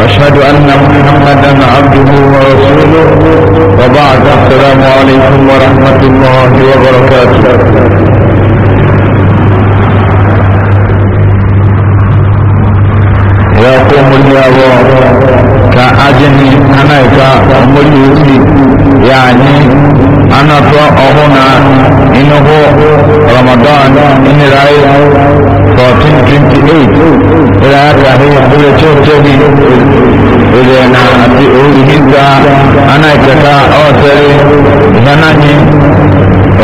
وأشهد أن محمدا عبده ورسوله وبعد السلام عليكم ورحمة الله وبركاته يا قوم يا كأجني أنا كمليوسي يعني أنا تو أهنا إنه رمضان إن رأيه 1428 ìlà àtàríyàn búrẹ̀ tí ó tóbi ilẹ̀ ẹ̀nà àti orílẹ̀-èdè anáìkẹta ọ̀tẹ́rẹ́ ìgbànáyé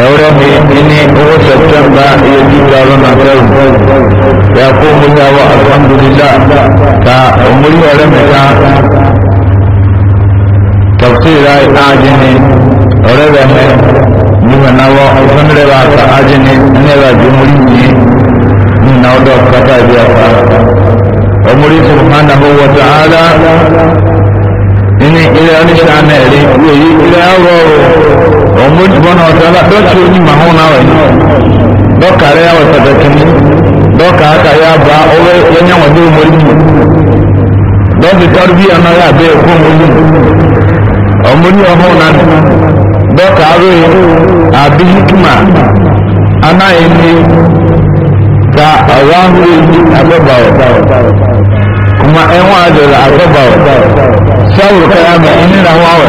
ẹ̀wọ́rẹ́ mi ní owó sẹ̀tẹ́mbà iye jíjà ọlọ́nà tẹ́lù ẹ̀kọ́ múlẹ̀wọ́ alhamdulillah ka òmúlẹ̀ ọ̀rẹ́ mẹ́ta tafsira ajini ọ̀rẹ́ rẹ̀ mẹ́ nígbà náwọ́ ìfúnnilẹ́wà ajini nílẹ̀ jùmúlẹ̀ yìí na ọdọ kata ibi ọpa ọmọdé subhanahu wa ta'ala ní ilé oníṣà náà rí èyí ilé ọrọ ọmọdé bọ́nà ọ̀tọ́lá dọ́tí onímọ̀ ọ̀hún náà rẹ̀ dọ́kà rẹ̀ àwọn ìsọ̀tẹ̀kìní dọ́kà àtàyà bá ọwọ́ ẹ̀yẹ́wọ̀n dé ọmọdé ta rahoji ababawa kuma yan wajen ababawa sabu kaya mai ini rahawa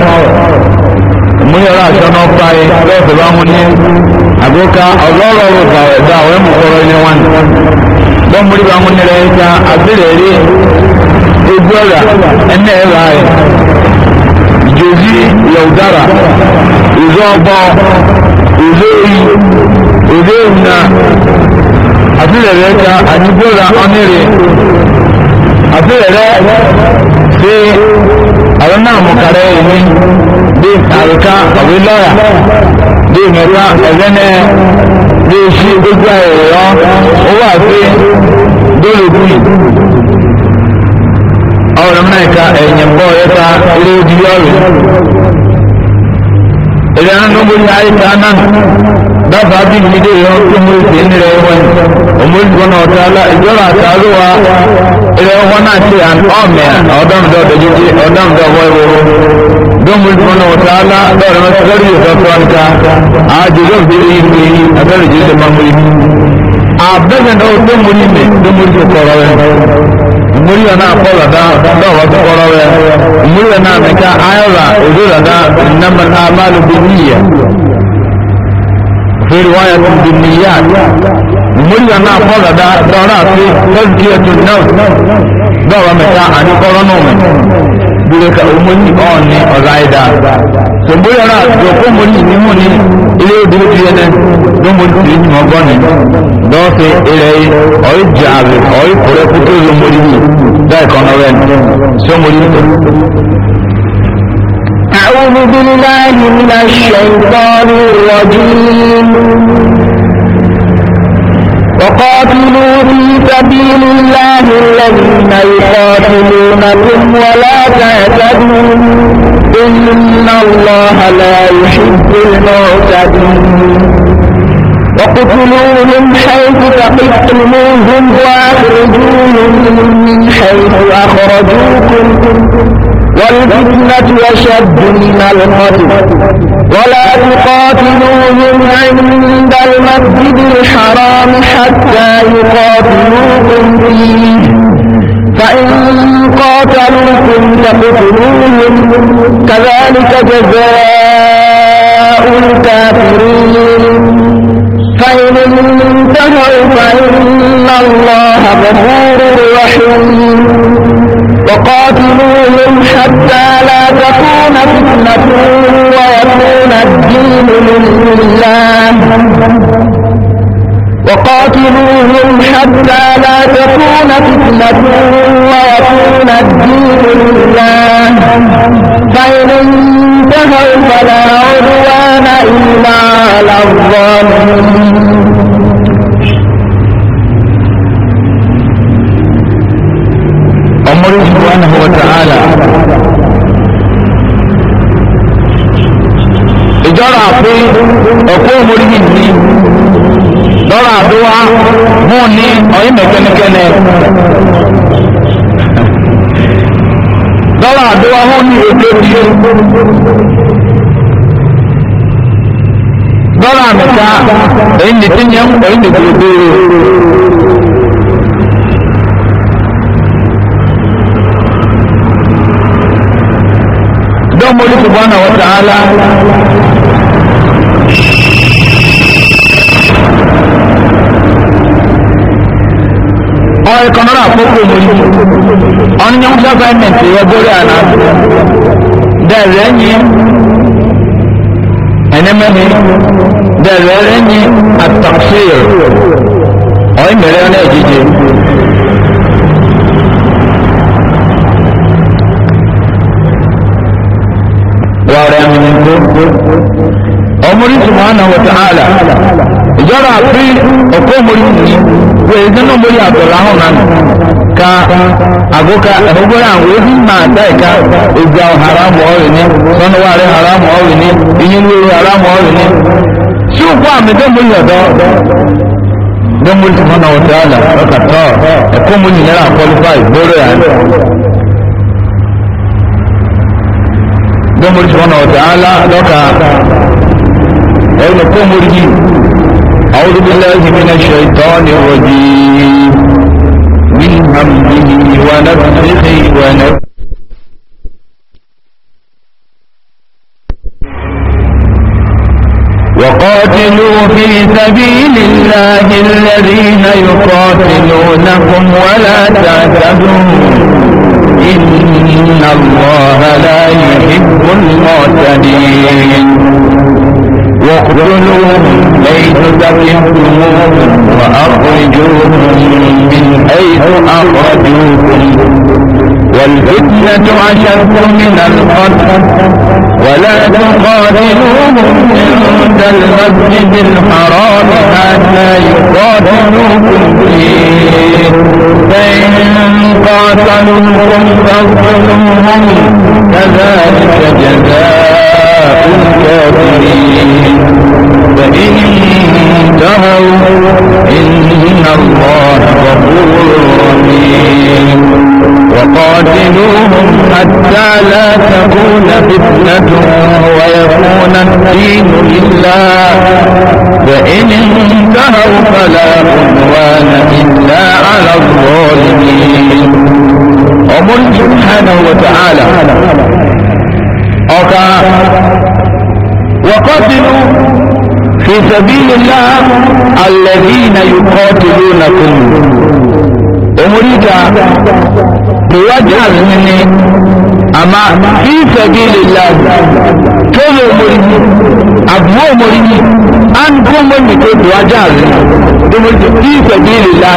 mun yara sanu fayi lọfi ba mu ni agoka ọlọrọrọ bawa da wai mu kọrọ ne wani don muri ba mu ni da ita abirere ejora ene ẹra ẹ jozi yaudara ìzọ ọgbọ ìzọ oyi ìzọ ìhùnà àtìrẹ̀rẹ̀ ta àníbóra ọ́nìrè àtìrẹ̀rẹ̀ sí àwọn náà mọ̀kàrẹ̀ èmi bí àríká àwé lọ́ra bí mẹ́ta ẹ̀rẹ́nẹ́ bí sí gbogbo ẹ̀rọ ó wà pé dólógún ọ̀rọ̀ mẹ́ta ẹ̀yìn bọ́ ẹ̀ta ilé ojúlọ́rẹ̀ ìrìn àánú gbogbo àyíká náà dafa bi ni de yo ko mo se ni re won o mo ko na ta la jo la ta lo wa re won na ti an o me o dam do de ji o dam do wo wo do mo ko na ta la do re ma se ri so to an ka a ji do bi ni ni a ta ji de ma mo ni wa ta kɔrɔ wɛ muri ya na mɛ ka ayɔla o do la da namal amalu bi niyya في رواية بالنيات مريا نا فردا دورا في تزكية النفس دورا متى عن قرنوم بلك أمني أوني أزايدا سبويا را جوكو مري نموني إلي بلتيني دومون تيني مغاني دوسي إلي أي جعب أي قرأ كتير مريني دايكونا وين سمريني أعوذ بالله من الشيطان الرجيم وقاتلوا في سبيل الله الذين يقاتلونكم ولا تعتدوا إن الله لا يحب المعتدين وقتلوهم حيث تقتلوهم وأخرجوهم من حيث أخرجوكم والفتنة أشد من القتل ولا تقاتلوهم عند المسجد الحرام حتى يقاتلوكم فيه فإن قاتلوكم فاقتلوهم كذلك جزاء الكافرين فإن انتهوا فإن الله غفور رحيم وقاتلوهم حتى لا تكون فتنة ويكون الدين لله وقاتلوهم حتى لا تكون فتنة ويكون الدين لله فإن انتهوا فلا عدوان إلا على الظالمين الله سبحانه وتعالى lọ́rọ̀ àpé ọ̀pọ̀ òmòrìyìn ní lọ́rọ̀ àdúwá mú ní ọ̀yìn mẹ́kẹ́nikẹ́ni lọ́rọ̀ àdúwá mú ní ètò tí lọ́rọ̀ àmẹ́ta èyí ní tí yẹn èyí ní gbogbo dọ́mọ́lì subhanahu wa ta'ala ọrẹ kan náà àkókò mori ọ̀nìyàn gọ́fẹ́mẹ̀ntì yẹ bórí àná dẹ̀rẹ̀ ẹ̀yìn ẹ̀nẹ́mẹ́ni dẹ̀rẹ̀ ẹ̀yìn àtàkùsíyẹ̀ ọ̀yìn mẹ́rẹ́ ọ̀nà ìjíjẹ. wàrẹ̀ àmì nìkú ọmọdé sùnmọ́ àná wọ̀tá àlà ìjọba àpí ọ̀pọ̀ mori wẹ̀ ìdánná mori àbẹ̀lá hàn náà ka agoka ẹ̀fọ́gbọ́n àwọn ebi máa dá ìka ìgbà haramu ọ̀rìn ní sọ́nùwárí haramu ọ̀rìn ní ìyínlórí haramu ọ̀rìn ní tí ó kó àmì dẹ́mọ̀lì ọ̀dọ́ dẹ́mọ̀lì tí wọ́n náà wọ́n ti àlà ọ̀kàtọ́ ẹ̀kọ́ mú nìyẹn àkọlùfà ìgbóró yà ní dẹ́mọ̀lì tí wọ́n náà wọ́n àlà lọ́kà ẹ̀rọ kó mú yìí أعوذ بالله من الشيطان الرجيم من همه ونفخه ونفخه وقاتلوا في سبيل الله الذين يقاتلونكم ولا تعتدوا إن الله لا يحب المعتدين واقتلوهم حيث ثقفتموهم وأخرجوهم من حيث أخرجوكم والفتنة أشد من القتل ولا تقاتلوهم عند المسجد الحرام حتى يقاتلوكم فيه فإن قاتلوكم فاقتلوهم كذلك جزاء الكافرين تنتهوا إن الله غفور رحيم وقاتلوهم حتى لا تكون فتنة ويكون الدين لله فإن انتهوا فلا عدوان إلا على الظالمين ومن سبحانه وتعالى أوكا وقاتلوهم fi sabilillah alladhina yuqatilunakum umurika tuwajar nini amma fi sabilillah tolo umuriki abuwa umuriki an kuma ni ko tuwajar umuriki fi sabilillah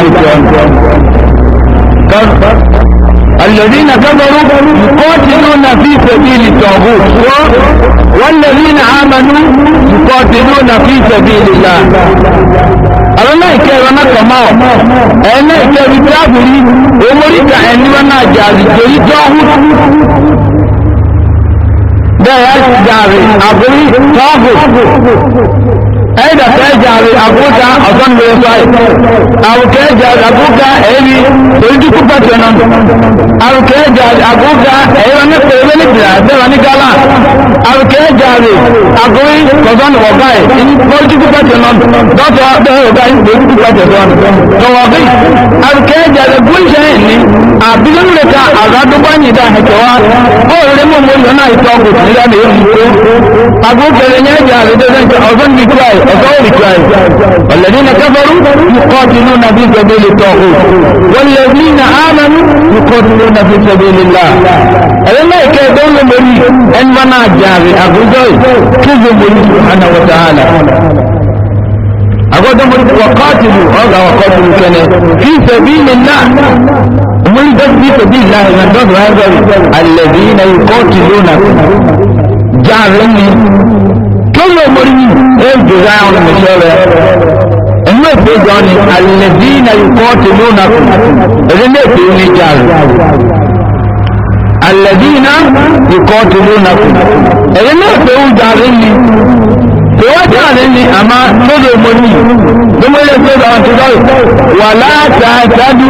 الذين كفروا يقاتلون في سبيل الطاغوت wọ́lẹ̀lẹ́nà àmàlú ìkọ̀dínú na fi ìṣẹ̀bí ìlà àrọ́nà ìkẹrẹ náà máa ẹ̀ẹ́nà ìkẹrẹ tábìrí omóríkà ẹ̀níwọ́n jàrí àbúrí tọ́hún ẹ̀dà kẹjàre àkókà ọ̀sánbẹ̀rẹ̀ fáì àwòkẹjàre àkókà ẹ̀rí orídìkú pẹ̀tẹ̀nà àwòkẹjàre àkókà ẹ̀rọ nípa ewé nípìlà bẹ́ẹ̀ ní gálà àwòkẹjàre àkórí kọ̀sán wọ̀gá ẹ̀ orídìkú pẹ̀tẹ̀nà dọ́tọ̀ bẹ́ẹ̀ ọ̀gá orídìkú pẹ̀tẹ̀nà tọwọ́ bí àwòkẹjàre gúnṣẹ́ ní àbílẹ̀mùrẹ̀ta àràdúgbányìdá ẹ̀kẹ́wà bóòrè mọ̀mọ́ yọ̀nà ìtọ́kù nílẹ̀ وقوم كائن والذين كفروا يقاتلون في سبيل الطاغوت والذين آمنوا يقاتلون في سبيل الله الله كيدون مري أن منا جاري أغزوي كذب سبحانه وتعالى أقول وقاتلوا هذا وقاتلوا كان في سبيل الله ومن في سبيل الله من الذين يقاتلونكم جارني tolo morini ebiza àwọn misere ẹnu èpè jọ ni alẹbi na ikọ tẹlẹ onako ẹni ní èpè ní jaaru alẹbi na ikọ tẹlẹ onako ẹni ní èpè ń jaaru ni tòwọ́ jaaru ni àmà tolo morini lomole tó lọ ti lọ wà láti àjádù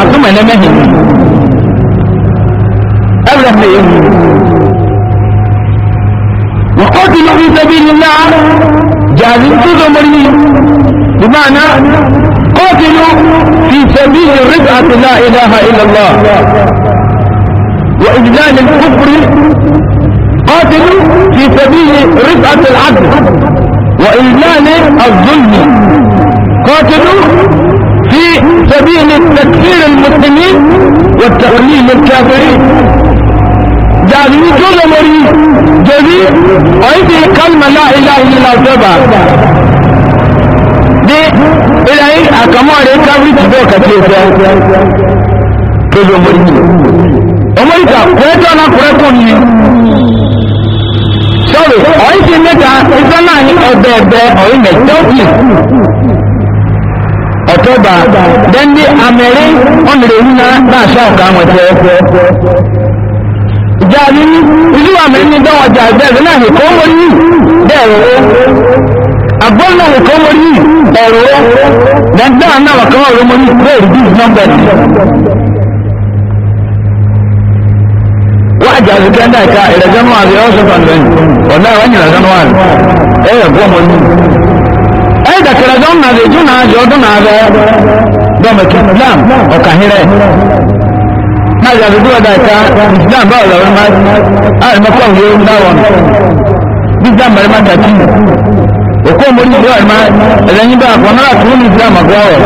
àtúmọ̀ ẹ̀nẹ́mẹ́hìn ẹ̀rọ ẹ̀fẹ̀ yẹn. وقاتل في سبيل الله جاهزين تزمرين بمعنى قاتلوا في سبيل رفعة لا إله إلا الله وإجلال الكفر قاتلوا في سبيل رفعة العدل وإجلال الظلم قاتلوا في سبيل تكفير المسلمين وتقليل الكافرين jazini jozo mori jozi oiti kalma la ilaha illallah saba de ilahi akamore kabri tibo kace ta jozo mori omori ka kweto na kureko ni sorry oiti meta isana ni ebebe oi me doki ọtọba dẹ́ndé amẹ́rin ọ̀nà ìrìnà náà ṣáà ọ̀gá wọn tẹ́ ara mi ní ìlú àmì ní dánwò jà náà nìkan wọ́n ní bẹ́ẹ̀ o àgbọ̀nà nìkan wọ́n ní ẹ̀rọ dandan náà wà kọ́ ọ̀rọ̀ mo ní bẹ́ẹ̀ rí nọ́mbà ní. wọ́n àjà àzùkẹ́ náà ká ìrẹ̀jẹ̀ mọ́ àbí ọ̀sán ọ̀dà gbọ́ mo ọdún náà àìsàn àdúgbò ọ̀dà ìta ìsìláàmù bá ọ̀lọ́rọ̀ máa àrùmọ́pọ̀ òwe láwọn ìsìláàmù bá máa dàtí òkú òmòrí ìlú àrùmá ẹ̀lẹ́yìn bá àpọ̀ náà tó ní ìsìláàmù àgbáwọ̀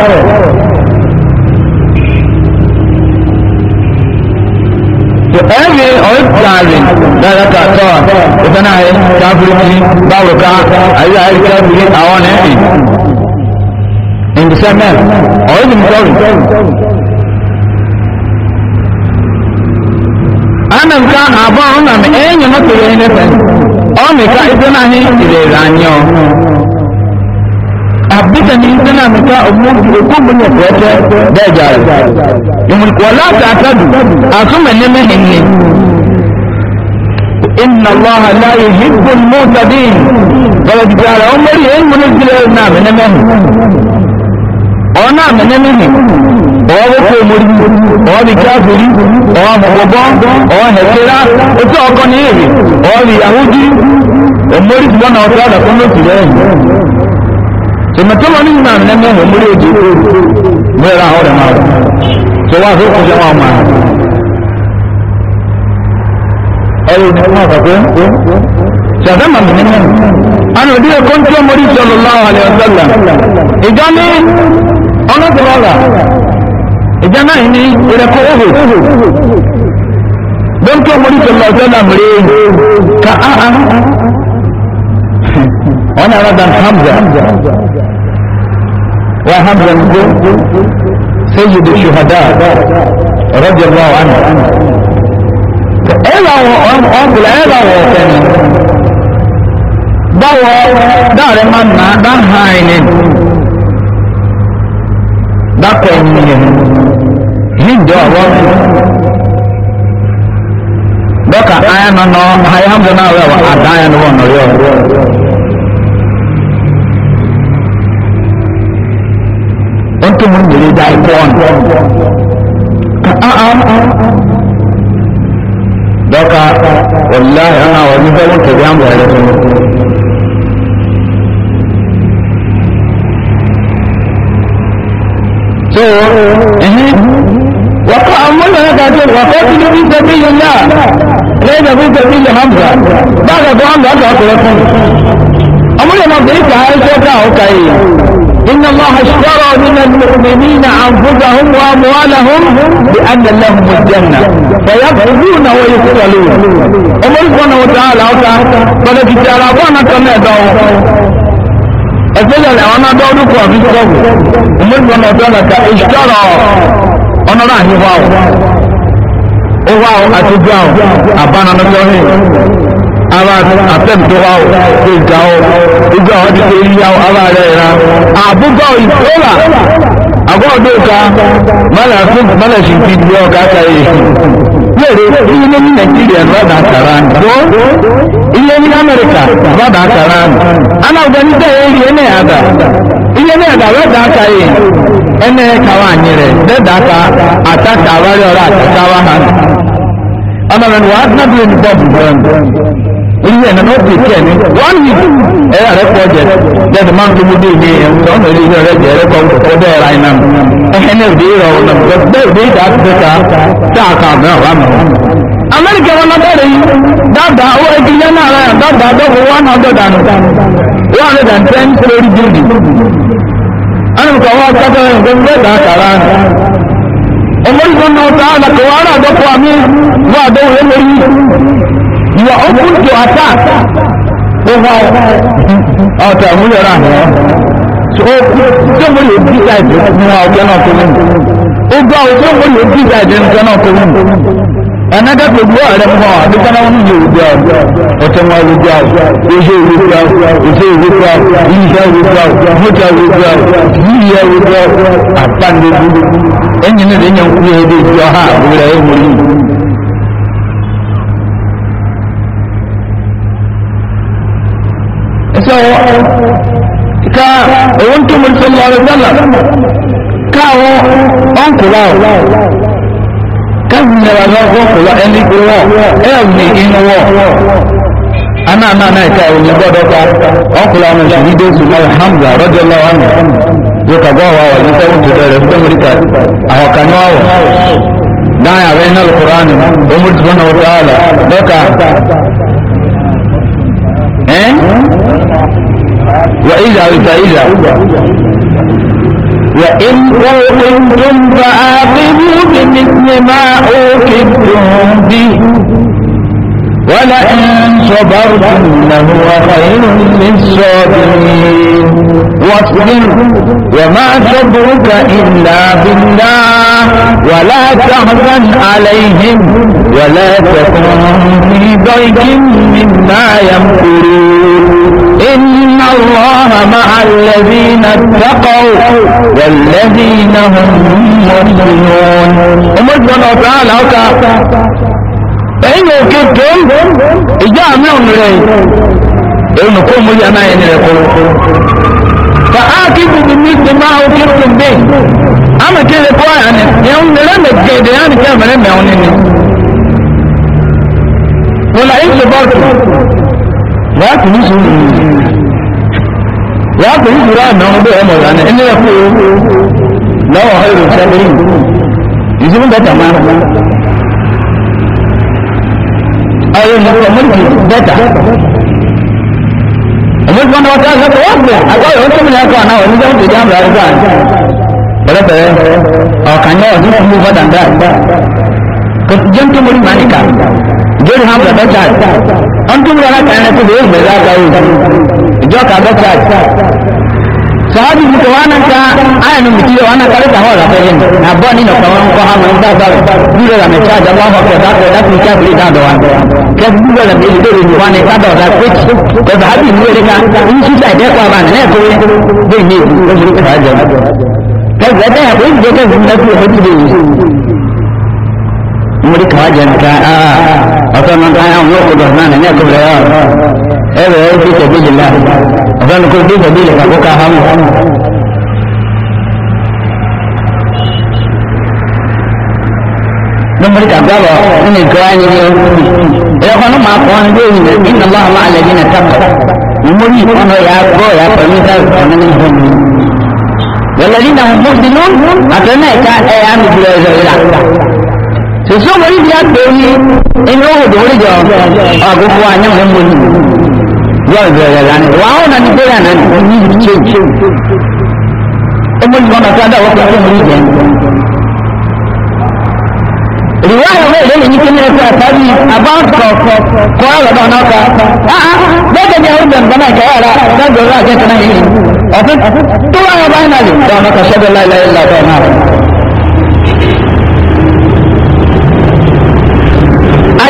ẹ̀rẹ́ ọ̀ẹ́dàrin dára kàtọ́ ìtànà ẹ̀ káfíríkì báwòká ayé ayé káfíríkì àwọn ẹ̀rìn ọ̀nà nka àbọ̀ ọ̀nà mi ẹ̀yìn náà kiri ẹni fẹ́ ọ̀mìka ìdí náà ní ìrẹ̀ ìrànyọ́ àbíkẹ́ ní ìdí náà mìka ògbóǹgbòǹgbò ní ẹ̀kọ́ ẹ̀kẹ́ bẹ́ẹ̀ jàre ìmùkọ́ láti àtàdù àtúmọ̀ ní mẹ́hìnni inna allaha la yuhibbu al-mu'tadin bala dibara umri ilmu nizila na menemehi ọ̀nà àmẹ́nẹ́ mímì ọ̀wọ́ kó mórí ọ̀ọ́bí káfírí ọ̀ọ́mọ̀gbọ̀gbọ́ ọ̀ọ́hẹ̀kẹ́rá ojú ọkọ̀ ní èrè ọ̀ọ́bí yahudi ọ̀mórí ti bọ́nà ọ̀tọ́ ọ̀dà fún lóṣù lẹ́yìn tòmọ̀tọ́mọ̀ ní ìmọ̀ àmẹ́nẹ́ mímì ọ̀mórí ojú mẹ́ra ọ̀rẹ́ máa rẹ̀ tó wá fún kọjá wọn máa ẹ̀rọ ní wọn kọ̀ pé ṣàfẹ́mọ̀ mi nínú àwọn òdìrẹ́ kọ́ńtì ọmọdé sọlọ́lá àlẹ́ ọ̀sọ́lá ìjọ ní ọlọ́gbọ̀rọ̀ rà ìjà náà ní ìrẹ́kọ̀ òhò lóńtò mórí tó lọ sọ́dà mèrè ka áhà wọn náà rádà hamza wa hamza ń gbó sẹ́yìn ṣùhàdá rọ́jọ̀ lọ́wọ́ àná ẹ̀rọ ọ̀gbùlà ẹ̀rọ ọ̀fẹ́ ni báwọ̀ dáàrẹ́ máa ń nà dáhà ẹni bákọ̀ ènìyàn níjọ àwọn dọ́kà ayé nọ́nà ayé hàn náà wẹ̀ wọ àdá ayé nọ́wọ́ nọ́yọ́. Ontu mun nyere da ikọ ọnụ. Dọ́kà wàllahi ana wà ní bẹ́ẹ̀ wọ́n tẹ̀lé àwọn ẹ̀rẹ́ tó. وقع أمنا قاتل وقاتل في سبيل الله ليس في سبيل حمزة بعد أبو حمزة أبو أبو لكم أمنا مضيك هاي شوكا وكاي إن الله اشترى من المؤمنين أنفسهم وأموالهم بأن لهم الجنة فيبغضون ويقتلون أمركم وتعالى وتعالى بل في جاربانا كما يدعون especially àwọn náà dọ́ ọdún sọ́ọ̀bù ọmọdé náà dọ́ ìṣọ́rọ̀ ọ̀nọ́rọ̀ àhíwá o owó àwọn àti gbà o àbánanọ́jọ́ hìn ara àtẹ̀mtò wa o ìjà o ìjà o ti yíyá o ara rẹ̀ ra àbúgbà ìfowóra àgọ́ ọdún ìka mọ́lẹ̀ fún mọ́lẹ̀ sì ti di ọ̀gá káyé lóore ìyẹn ní nàìjíríà lọ́dà kàrà ń ihe ndị amerịka gbada akara ahụ a na-agwa ndị ihe na-ada ihe na-ada weda aka ya ene kawa anyere deda aka ataka awarị ọrụ atakawa ha ọnọrọ wa adịna bụ enugbo bụ ihe na n'otu ike ni one week ẹ̀rọ rẹ̀ pọ̀ jẹ jẹ́dì máa ń tó mú dé ilé yẹn ń tọ́nà ilé rẹ̀ jẹ́ rẹ̀ pọ̀ ọ̀pọ̀ bẹ́ẹ̀ ra iná ẹ̀hẹ́ ní òde ìrọ̀ ọ̀nà bẹ́ẹ̀ òde ìdá àtúntò ká tá a kà náà mọ́tẹ́rì dábàá owó ẹbí yánà ara yà dábàá dọ́kọ̀ one hundred and one hundred and ten lórí bíbí. Ànàmùkọ̀ wọ́n kọ́tọ́ ẹ̀ ǹkan gbẹ́dà kàrà. Ọmọdé náà ta àlàkọ̀ wọ́n ará àdọ́kọ̀ àmì wọ́n àdọ́wò yẹn lórí. You are open to attack. Gbogbo ọ̀tọ̀ ìmúlẹ̀ rà ní ọ́. Ṣé mo lè bí ṣáìdì fún ọ̀gẹ́ náà tó mú? Ó gbọ́ àwọn tó mo bí ṣáìdì fún ọ̀gẹ́ náà tó mú ẹnẹgẹ gbogbo ọrẹ mọ àbíkọ́nà wọn ní òwúgbé ọ ọtẹwọn òwúgbé ọ oṣù òwúgbé ọ oṣù òwúgbé ọ iṣẹ òwúgbé ọ mọta òwúgbé ọ yíyẹ òwúgbé ọ àpàndébù ẹnyìn ní ẹnyẹ nkú yẹ ẹdẹ ìjọ ha àbúrẹ ẹ wọlé. ẹsẹ wọ ká owó ntòmọ̀tò lọ́rọ̀ sálà káwọ ọ̀nkùnrin ọ nira lọ́wọ́ kọlọ ẹni pé wọ́ ẹ̀ ní inú wọ́ ana ana ana ẹ̀ka ẹ̀rọ gbọ́dọ̀ ká ọkùnrin àwọn òṣèlú dé sùn náà hamza rọ́jọ́ lọ́wọ́ àná yóò kàgbọ́ àwọn àwọn ìṣẹ́ òun tẹ̀lé rẹ̀ fún mẹ́ríkà àwọn kan náà wọ̀ dáhà rẹ̀ náà lùkùránì ọmọ ìdìbò náà wọ́n tààlà lọ́kà ẹ́ wà ìjà ìjà ìjà وإن أوقفتم فآخذوا بمثل ما أوكلتم به ولئن صبرتم لهو خير للصابرين واصبر وما صبرك إلا بالله ولا تحزن عليهم ولا تكن في ضيق مما يمكرون الله مع الذين اتقوا والذين هم محسنون ومجمع تعالى ẹ̀yìn òkè tó ń ìjá àmì ọ̀nà rẹ̀ ẹ̀yìn òkè mú yà náà ẹni rẹ̀ kọ́ fa áàkì gbogbo ní ti máa òkè tó gbé àmì kí lè kọ́ àyà ni ẹ̀hún rẹ̀ mẹ̀ gẹ̀ẹ́dẹ̀ àmì kí ẹ̀mẹ̀rẹ̀ mẹ̀ ọ̀nà ni wọ́n là ń ṣe bọ́ọ̀tù láti ní sùúrù wàá pè é ìdúrà náà ọdún ẹ̀ mọ̀ ìdáná ẹni ẹ̀ fún lọ́wọ́ ọ̀hẹ́rù sẹ́mìrì ìṣẹ́mi bẹ́tà máa ayé mo sọ mọ́lìkì bẹ́tà ọmọdé wọn náà sáà sọ́kọ̀ wọ́n pè àgbáyọ̀ ó tóbi lẹ́kọ̀ọ́ náà wọ́n níjọ́ tètè àmì àrùkọ́ àti pẹ̀lẹ́pẹ̀lẹ́ ọ̀kan náà ní fún fọ́dà ń dá jẹ́ ń tó mọ́lì máa nìkan jẹ́rì hàn bẹ̀tà ọdún wọn láti ẹni tó lè gbé lágbàáyé ìjọ kàdọ́ christ sàádì mi tó wá náà ká àyànnú mi tí wọn náà kárí tàwọn ọ̀rọ̀ fẹ́ yẹn nà bọ́ nínú ọ̀pọ̀ wọn kọ́ hàn wọn dáadáa dúró rà mí ṣáàjà wọn kọ́ kẹ́ dákẹ́ dákẹ́ kí abúlé dáadọ́ wa kẹ́ dúró rà mí lè rìn wọn ní sábà ọ̀dà péjì kẹ́ sàádì mi lè ká ní ṣíṣà ìdẹ́kọ̀ àbànà náà tó ọ̀sánmọ́tò ayé àwọn yóò kọjọ náà ní ẹ̀kọ́ rẹ̀ ọ̀rọ̀ ẹ̀rọ ẹ̀rọ fi tẹ̀bí lè la ọ̀sánmọ́tò fi tẹ̀bí lè kàkó ká hàn. lọ́mọdé kàgbọ́bọ̀ nínú ìkọ́ ayé ni ẹ̀kọ́ ní màá kọ́ ní bí èyí ní nàbọ́ àmọ́ àlẹ́ yìí nà tábà ìmọ̀lì ọ̀nà yà gbọ́ yà pẹ̀lú ìtàkùn àmì soso mori bi agbori e inu odo ori jọ agogo anya mo mo e ni yọ ọjọ yọ lani wa ọ na ni pe ya na ni ni change ọmọ ìgbọ́n náà tó adá wọ́pọ̀ ọmọ orí jẹ ìwé àwọn èdè lè ní kí ní ẹsẹ̀ àtàbí àbáǹkọ̀ kọ́ ọ̀rọ̀ náà náà bẹ́ẹ̀ ni àwọn ìgbọ̀n náà kẹ́ ara dágbò ọ̀rọ̀ àjẹkẹ́ náà yìí ọ̀fẹ́ tó wà ní báyìí náà lè dá ọ̀nà kan ṣẹ́gbẹ́ láìláìláì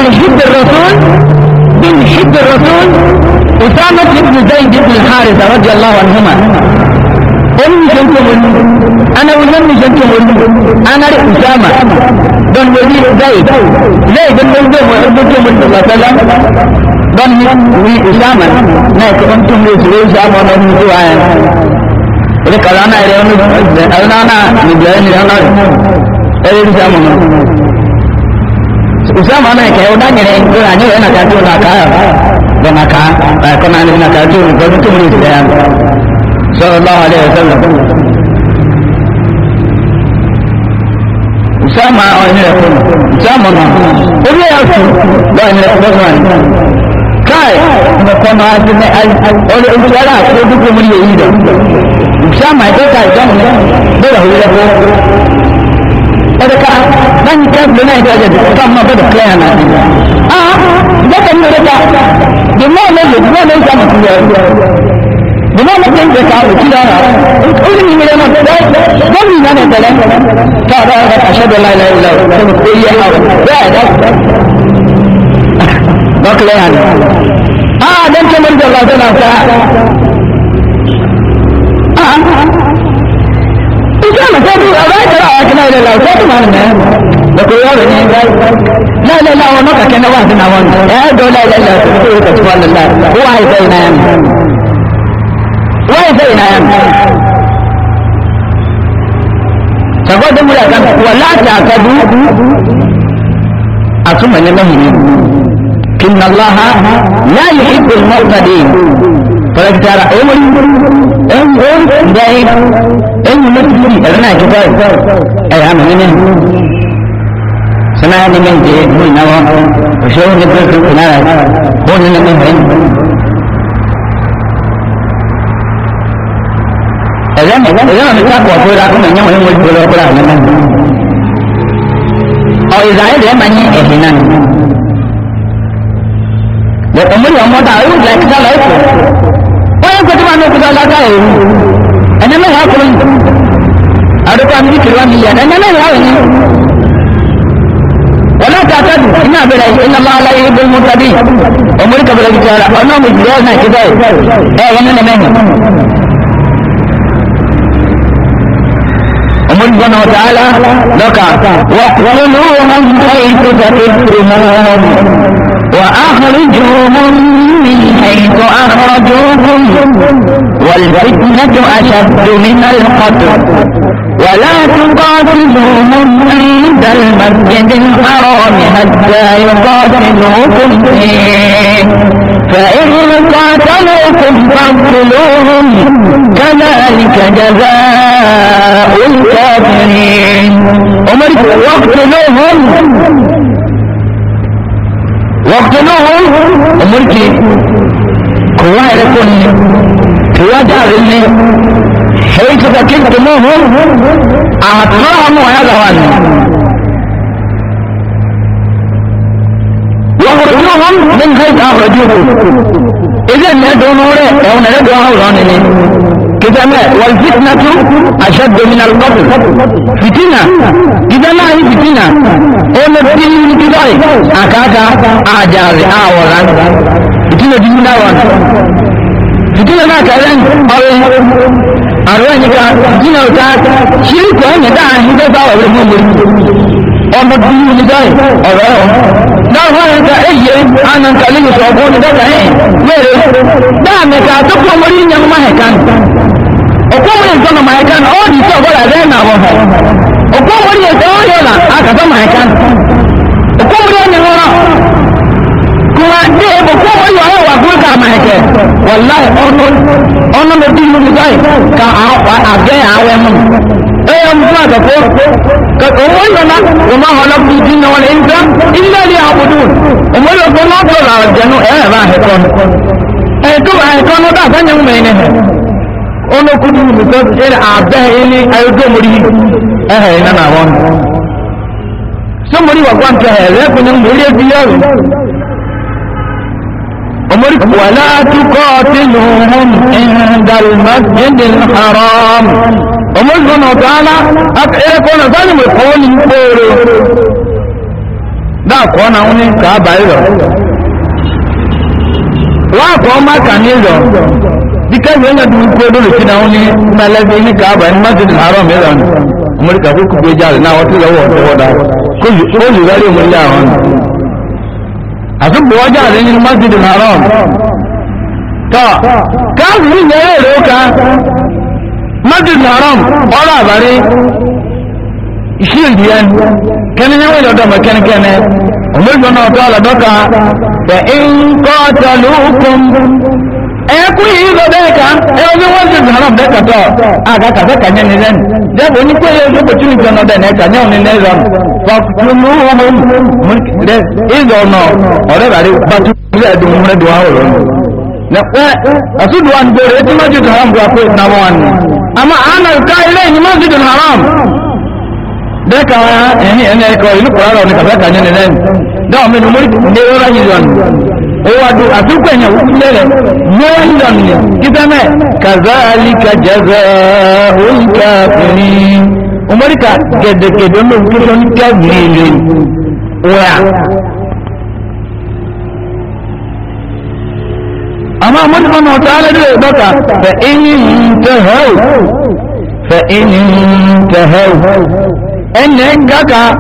لحب الرسول من حب الرسول أسامة بن زيد بن الحارثة رضي الله عنهما أمي شنكم أنا وزمي شنكم أنا أسامة بن وليد زيد زيد بن وليد وحبكم صلى الله عليه وسلم بن وليد أسامة ناس أنتم لسوي أسامة من سواء إذا قرانا إلى أنا أنا من جاي من أنا إلى أسامة Islam ana ke oda nyere ndura nyo na ka tu na ka de na ka ta ko na ni na ka tu ko tu ni de ya sallallahu alaihi wasallam Islam a o nyere ko Islam na o ni ya su ba ni ko so ni kai na ko na ji ne ai o le ndu ala ko du ko mu ni yi da Islam a ta ta don ne da hu da ko ẹ̀dẹ̀ka báyìí kẹ́bìlì náà ẹ̀dẹ̀ ẹ̀dẹ̀ tó máa bẹ̀rẹ̀ kílẹ̀ yàn náà. ah bẹ́ẹ̀ oh, ni ẹ̀dẹ̀ka the more lè lè the more lè jẹ́ àmì ìyẹn the more lè jẹ́ ìdẹ̀ka òkú dára ó ní ìyẹn náà bẹ́ẹ̀ ni ìyẹn ẹ̀dẹ̀lẹ̀ tó àbá ẹ̀dẹ̀ kàṣẹ́ bẹ́ẹ̀ láì láì láì ó yẹ àwọn bẹ́ẹ̀ dá bọ́kílẹ̀ yàn náà. ah dẹ́ntẹ́mẹ́ntẹ́ مكانه أبعد رأيك لا لا لا وكاتم على المهم لكو يوم لا لا لا هو نقع كان واحد من أوان أدو لا لا لا تقول تتفعل الله هو عايز أين أم وعايز أين أم تقول دم لا كان ولا تعتدوا أصم أن الله إن الله لا يحب المعتدين فلك ترى أمري em uống đây em muốn mất gì ở này chúng tôi ai làm mình nên sao nay mình Em chỉ mình nào không một số những cái thứ này là hôn nên mình phải ở đây mình ở đây mình ta bỏ tôi ra cũng mình nhau mình ngồi vừa vừa ra mình nên ở đây để mà nhẹ thì nên để tôi mới làm món ta ấy lại ra lấy kò tí wàá ní òkúta lága ẹ̀ wù ẹ̀nẹ́ mẹ́rin àkùrọ̀ ní àdókò àmì ìkìlọ̀ àmì ìyá ẹ̀nẹ́ mẹ́rin àwọn ẹ̀yìn wọlé àtàtàdù iná àbẹ̀rẹ̀ iná máa láyé ibi mú tàbí ọmọdé kàbẹ̀rẹ̀ ti tẹ̀ra ọ̀nà mi jùlọ náà kí bẹ́ẹ̀ ẹ̀ wọ́n nínú mẹ́rin ọmọdé gbọ́nà وأخرجوهم من حيث أخرجوهم والفتنة أشد من القتل ولا تقاتلوهم عند المسجد الحرام حتى يقاتلوكم فيه فإن قاتلوكم فاقتلوهم كذلك جزاء الكافرين أمرت واقتلوهم wọ́pẹ́lọ́wọ́ ọmọdé kò wá ẹ̀rẹ́ kò ní kò wá dáre ní èyí tó kàkí tòmọ́hó àtúnwá ọmọ ọ̀yá làwà ní. wọ́pẹ́lọ́wọ́ ní nǹkan ìdáhùn ẹ̀dínwó ilé ìmẹ́dọ̀ọ́nù rẹ̀ ẹ̀wọ̀n ẹ̀rẹ́dọ̀ọ́hùn rọ̀ nínú. kìtẹ́mẹ́ wọ́n fitna tó àṣẹ dominal kọ́pù fitina kìtẹ́mẹ́ àyè fitina ó lè bí nítorí àkàkà àjàre àwọ̀rá fitina dìbò náà wà. fitina náà kẹrẹ ọrẹ àrùn ẹni ká fitina ọ̀tá ṣírí kọ́ ẹ̀yẹ dáa nígbà bá wà lóko mọ́ ọmọ dúró nítorí ọ̀rẹ́ ọ̀ náà wọ́n rẹ̀ ká èyí ànàkàlẹ́ ìṣọ̀gbọ́n nígbà kan ẹ̀ wẹ́rẹ́ dáa mẹ́ta tó kọ́ mọ́rí ìyẹn okomori nsọ na maịka na ọ dị isi ọbụla ebe na abụọ okomori nsọ ọhịa na akata maịka okomori onye hụrụ kuma dị ebe okomori ọhịa wa kwuru ka maịka wallahi ọnụ ọnụ na-ebi mmiri zọị ka abịa ya awa emu ẹyẹ mú àtọ̀kọ́ ọmọ ìyọ̀nà ọmọ ọ̀nà bíi dín náà wọlé nígbà ilé ilé àbùdù ọmọ ìyọ̀kọ́ náà tó làwọn jẹnu ẹ̀rẹ̀ bá ẹ̀kọ́ ẹ̀kọ́ ẹ̀kọ́ náà bá àbáyẹ̀wò mẹ́rin ẹ̀hẹ̀ ono kudu because ina abehe ini ayodo muri ehe ina na won so muri wa kwan to he ko nang muri bi yo umuri wala tuqatiluhum inda al-masjid al-haram umuri subhanahu wa ta'ala ni pore da ko na uni ka ba yo wa ko ma kan dika yana da ko dole shi na wani malafi ni ka ba masjid al-haram ya zan umar ka ku ku na wata lawa wata wada ko ko zare mun da wani azun bo ja da ni haram ta ka ni ne roka haram bare ẹkún yìí lọ bẹ́ẹ̀ kan ẹ ọdún wọ́n ti zàrán bẹ́ẹ̀ kàtọ́ àgàkàfẹ́ kànyẹ́ ní lẹ́nu jẹ́bù oníkó yẹ ojú pẹ̀tù ní ìjọba ọ̀dẹ̀ nẹ́ẹ̀ka ní ọ̀nà ẹ̀rọ fọkùnrin ọ̀hún ìzọ̀ ọ̀nà ọ̀rẹ́ rà rí bàtú ilé ẹ̀dùn múlẹ̀ dùn áwọ̀ lọ́nà. nẹ̀pẹ́ àtúndù wa ń gbèrè etí májìdì haram gba pé ìtàwọn wa ni àmọ́ àánà ká ilé ìyìn májìdì haram dẹ́ka ẹ̀hìn ẹ̀hìn ẹ̀kọ́ ìlú kọ̀ọ̀rọ̀ ni kàfẹ́ kànyẹ́ ní lẹ́nu dáwọn mi ni mo ní ìrora yìí lọ́nà owadu atukwenya ukulele mwendamne kiseme kazalika jazahul kafirin umarika gede gede ndo ukilon kafirin oya ama mun ana ta'ala da baka fa in tahaw fa in tahaw enne gaga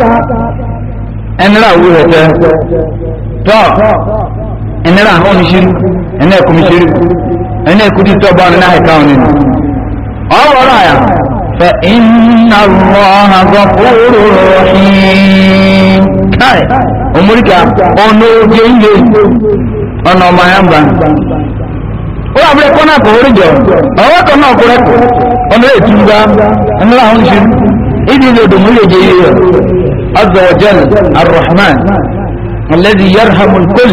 enra wuhete to ẹnẹ́rà àwọn oníṣirí ẹnẹ́ ẹ̀kọ́ oníṣirí ẹnẹ́ ẹ̀kọ́ títí ọba ọ̀nà náà ẹ̀ka ọ̀nà nù ọ̀rọ̀ ọ̀rọ̀ àyà fẹ iná rọ àgọ́ fúru rọ̀hìn káì òmùríkà ọ̀nà oge ilé ọ̀nà ọmọ ayá ń bá ó wà bẹ́ẹ̀ kọ́nà kò orí jọ ọwọ́ kan náà kúrẹ́ kù ọ̀nà ètú bá ẹnẹ́rà àwọn oníṣirí ìdí ilé òdòmú lè jẹ ilé rẹ̀ azọ̀wọ̀jẹ́lẹ̀ arrahman الذي يرحم الكل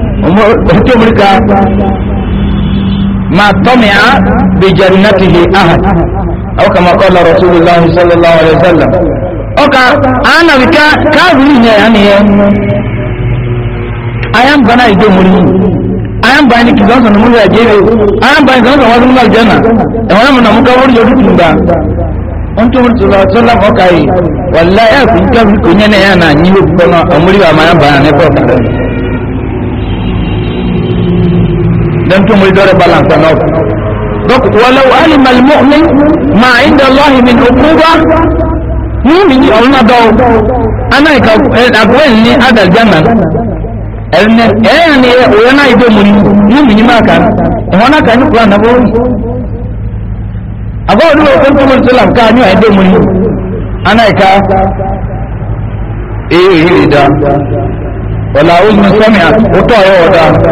ọtí omurika ma tọ́mìá bí jannatihi ahad ọkà ma kọ́ lọ rasulillah sallallahu alayhi e wa sallam ọkà anabika káàbùrù yẹn yà nìyẹn ayamba náà ìdó omuri yìí ayamba ni kìí sọ́sọ́ nìmúlò àjẹrè ayamba ni sọ́sọ́ wọ́n sọ́sọ́ àjẹnà ẹ̀wọ̀n náà mo nà mú ká wọ́n yọ ọdún tùmbà wọ́n tó wọ́n sọ́sọ́ sọ́lá fọ́ọ̀kà yìí wàlá ẹ̀ kò ní káàbùrù kò nyẹ́ náà yà nà nyi ló kọ́ náà omuri wà dan tó mori dɔrɔ balance nɔ donc wala wali malimɔni maa in da lɔhi min o kuba ni mi ni ɔlɔna dɔw ana yi ka ɛ a ko ɛn ni adalijanna ɛnɛ ɛyà ni o yɛ n'a yi do mori ni mi ni ma kan ɛhɔn na kan ni kura ko ko olu bɛ k'a ni o yɛ ana yi ka ee da wala o ni sɔmiya o da.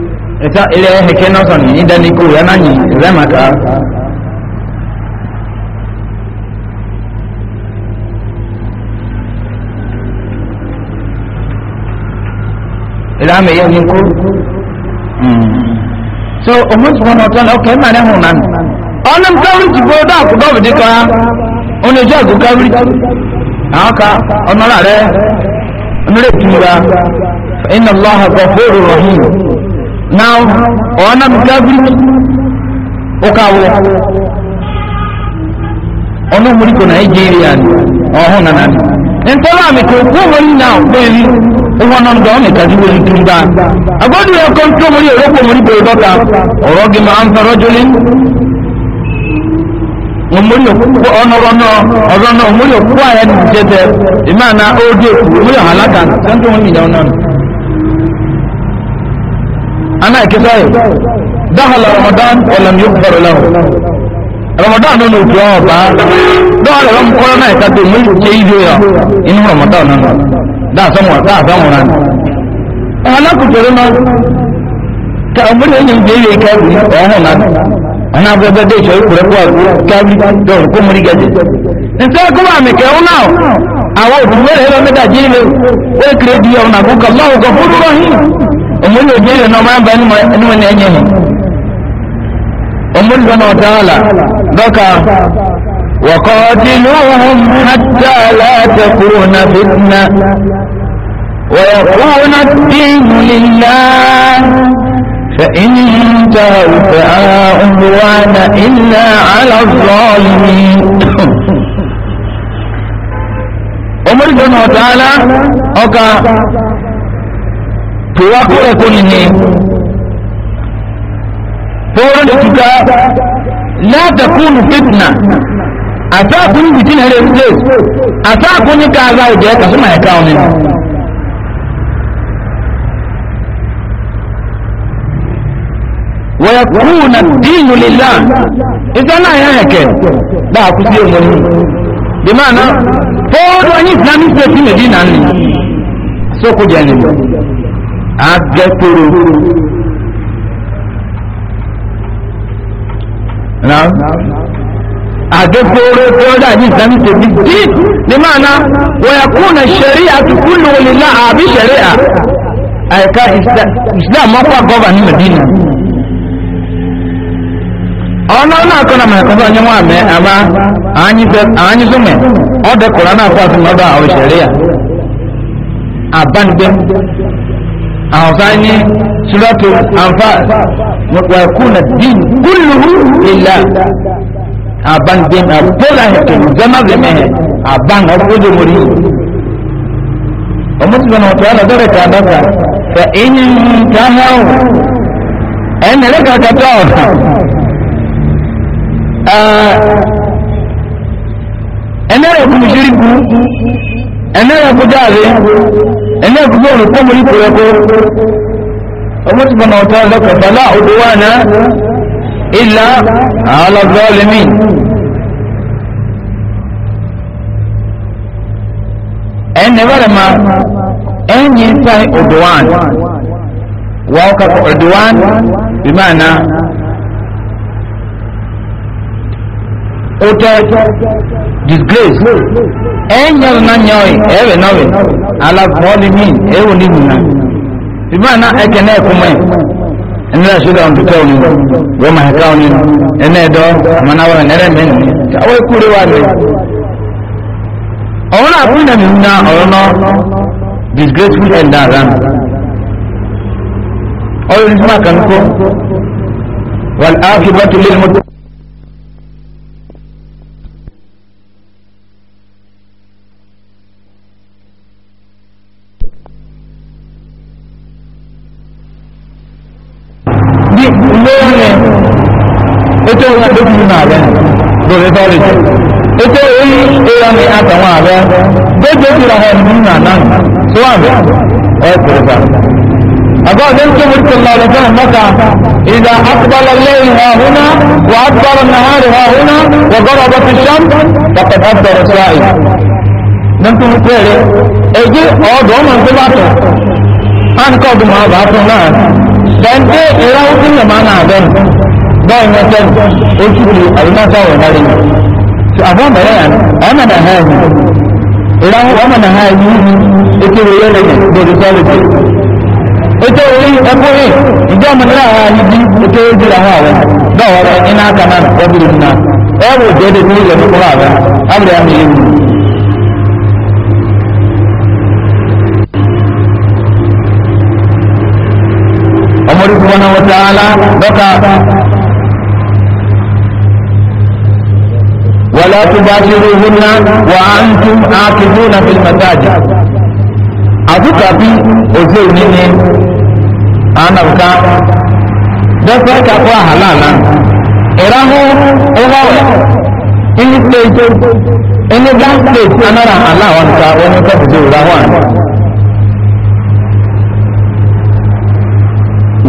ita ile heke na son ni da ni ko yana ni zama ka ila me yin ko so omo ti won otan o ke mane hun nan onam kawri ti bo da ku do bi ka onu je ku kawri aka onara re onare tumura inna allaha ghafurur rahim now ọ̀nà mùkàbí ọkàwọ̀ ọ̀nà mùríkò nàìjíríà ni ntọ́lá mi kò kó wọ́n ní na bẹ́ẹ̀ni wọn náà dọ̀ ọ́nà ìkàdí wọlé túnbà agbọ́dọ̀ yẹ kó tó mọ́rí òrókò mọ́rí bòrò dọ́ta ọ̀rọ̀ أنا كفاية دخل رمضان ولم يغفر له رمضان نو جواب دخل رم قرنا كتب مل شيء جوا إنه رمضان نو دا سمو دا سمو نان أنا كتيرنا كأمر إني جيبي كابي أنا نان أنا بابا ده شيء كره كوا كابي دور كمري كذي إنت كوا مكيرونا أو أبو مرة هلا متى جيبي وكريدي أو نبوك الله غفور رحيم omuli ojere na omamba niwe nenyehe omuli bana wataala doka وقاتلوهم حتى لا تكون فتنة ويكون الدين لله فإن انتهوا فلا عدوان إلا على الظالمين أمر سبحانه وتعالى أوكا towa kore kuni ne horon da tuka la ta kunu fitna a ta kun bitin hare ne a ta kun ka za da ka suma ya kawo ne wa yakuna dinu lillah idan na ya hake ba ku je mu bi ma'ana horon islamic state medina ne so ku je ne agẹ́kọ̀ọ́ agẹ́kọ̀ọ́ tí ó dájí ìsàmì tèbí ní máa na wọ̀yàkúnà ṣẹ̀rí àtùkúlù olìlá àbí ṣẹ̀rí à àìká islam gọ́bà ní medina ọ̀nà náà kọ́nà mẹ́kọ́sọ́ ọ̀nyẹ́ wọn àmẹ́ àmá àányísọ́mẹ́ ọ̀dẹ́kọ̀ọ́ náà kọ́ àtúnmọ́dọ̀ àwọn ṣẹ̀rí à àbánibẹ́ àǹfààní sùrọ̀tù àǹfààní wàkúnà dín kúlùú lílá àbángbẹ́n àbọ́là ẹ̀kọ́ ìjẹ́màgbẹ́mẹ́ àbán ọkọ̀jọ́ mọ́rí ọmọdébọ̀nà ọ̀tọ̀ alábẹ́rẹ̀ tí a dáta fẹ́ ẹ̀yìn káhẹ́ọ̀ ẹ̀yìn ẹ̀lẹ́kà kàtọ́ ọ̀sán ẹ̀nẹ́rẹ̀ kùmùsírí kú ẹ̀nẹ́rẹ̀ kú jáde ẹni ẹ̀kúgbọ́ òrùn kọ́ mú ipò ẹ̀kọ́ ọmọ tí bọ́nà ọ̀tá lọ́kà fàlá òdó wà náà ilá àálọ́gbọ́ọ̀lẹ́mí ẹni bẹ́rẹ̀ ma ẹni táì òdó wà wà ọkà wà bìmáàná disgrace ẹ̀yẹ̀rù náà yọ̀ọ̀yì ẹ̀rẹ̀ náà rẹ̀ alákùnrin míì ẹ̀rù ní ìlú náà ìbáà náà ẹ̀kẹ́ náà ẹ̀kú mọ́ ẹ̀ ẹ̀nà ṣúgà ọ̀dún tẹ́ òní wọ́n máa ká òní ẹ̀nà ẹ̀dọ́ àmànáwọ̀ ẹ̀nẹ́rẹ́ mẹ́rin káwọ́ ikú rẹ̀ wà lẹ̀ disgraceful end ram. ọ̀rọ̀ ní sọ́mà kan kó wàl áfíbọ́tò lè mọ́tò authority ete oyi eya ni atawa abẹ gbẹgbẹ ti ra hàn ní nàná tó àbẹ ẹ kúrò bá. أبا ذنب صلى الله عليه وسلم متى إذا أقبل الليل ها هنا وأدبر النهار ها هنا وضربت الشمس فقد أدبر السائل نمت مكويري أجي أو دوما سباتا أنا قد ما بعثنا لأنك إراوكي لما نعدم bayan ya san ya ci kuri a yi mata wa nari su abu mara yana a mana haji idan a mana haji ita wuri yana ne da risali ce ita wuri ya kore idan mun ra haji bi ita wuri jira hawa ba wa ba ina kana da birin na ya bu da da ni da kuma ba abu ya mai yi Amurka wani wata ala, doka ولا تباشروهن وأنتم عاكفون في المساجد أبوك أبي أزيل مني أنا بكا دفع كفوا حلالا إراه إراه إني سليتو إني بلان سليتو أنا راه الله وانتا وانتا بزيل راهوان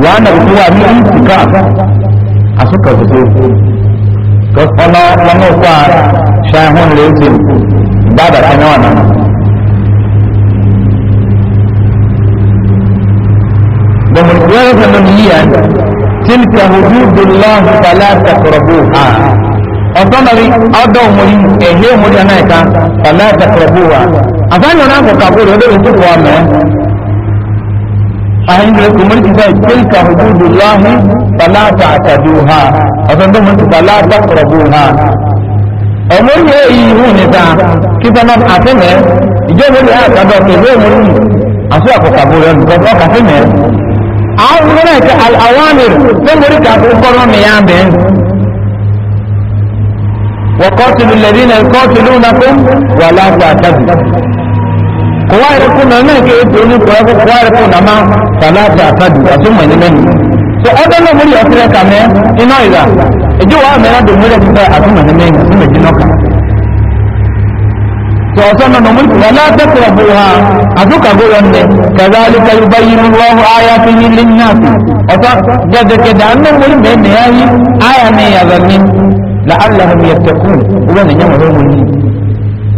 وأنا بكوا أبي أنت كاف أسوك أبزيل ọmọ ọmọ òkú a ṣáhún lè ti ìbáàdà kẹnyẹ wà náà bọ̀mọ̀lẹ́wọ̀n fẹ́ lónìí yíya tilka hududullahi fala taqrabuha ọ̀tọ́nàrí ọdọ̀ òmùrí ẹ̀hẹ́ òmùrí anáìka fala taqrabuha àfáàyàn náà kò kàbó rẹ̀ lórí ìtòkò ọmọ ẹ̀ àhìndìrẹ́kùnmọ́lì ti fẹ́ fàlá tààtàdù ha ọ̀sán tó mọ̀ sí fàlá tàkùrọ̀bù ha ọmọ yẹ ìhù níta kí sọmọ àfẹ́mẹ́ ìjọba ìlú àkàdọ̀ pẹ̀lú ọmọ yìí àṣọ àkọ́kàbọ̀ rẹ̀ nǹkan ọkà fẹ́mẹ́ àwọn ọmọ náà ti àwámi fẹ́mọ́rí kàkó kọ́rọ́ mi yá mẹ́ wọ́kọ́tìlú lẹ́dí náà kọ́tìlú náà fún wàlá tààtàdù kọ́wá ẹ̀rẹ́kùn náà náà kéèké oníkọ̀ọ́kọ́ kọ́wá ẹ̀rẹ́kùn náà má fàlá tààtàdù àṣọ mọ̀ so ebe na muri ofere ka me ino ida eji wa me na do muri ofere atuma ne me ngi jino ka so oso na muri wala takrabuha azuka go yonde kadhalika yubayyinu allah ayatihi lin-nas oso jade ke da na muri me ne yayi aya ne ya zanni la'allahum yattaqun uban ne nyama ro muri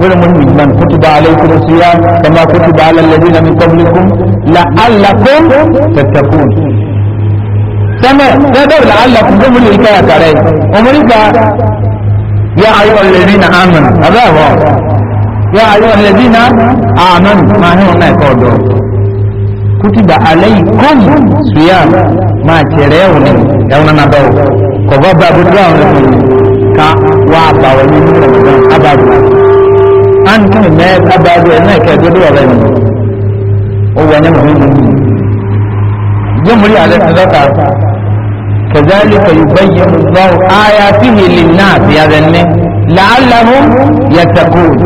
wani mulmin man kutuba alaikum siyam kama kutuba alal ladina min qablikum la'allakum tattaqun tẹ́mẹ̀ tẹ́bẹ̀rẹ̀ la'allakun tó múlò ikẹ́ àtàrẹ ọmọríkà ya ayyuan lèzina amin abẹ́wọ̀ ya ayyuan lèzina amin ma ní ọ̀nà ẹ̀kọ́ ọ̀dọ́ kútìbà aláìkún suya ma tẹ̀rẹ̀ ẹ̀wọ̀n ẹ̀wọ̀n náà bẹ́wọ̀ kọ̀bọ́ bá gbogbo àwọn ẹ̀wọ̀n ká wà àbàwọ̀ nínú ọ̀gbọ̀n abàbò á ń kí mẹ́ abàbò ẹ̀ náà kẹ́ gbogbo ọ̀rẹ́ mi ó wọ ní mọ̀mí mi yóò múlò كذلك يبين الله آياته للناس يا ذنب لعلهم يتقون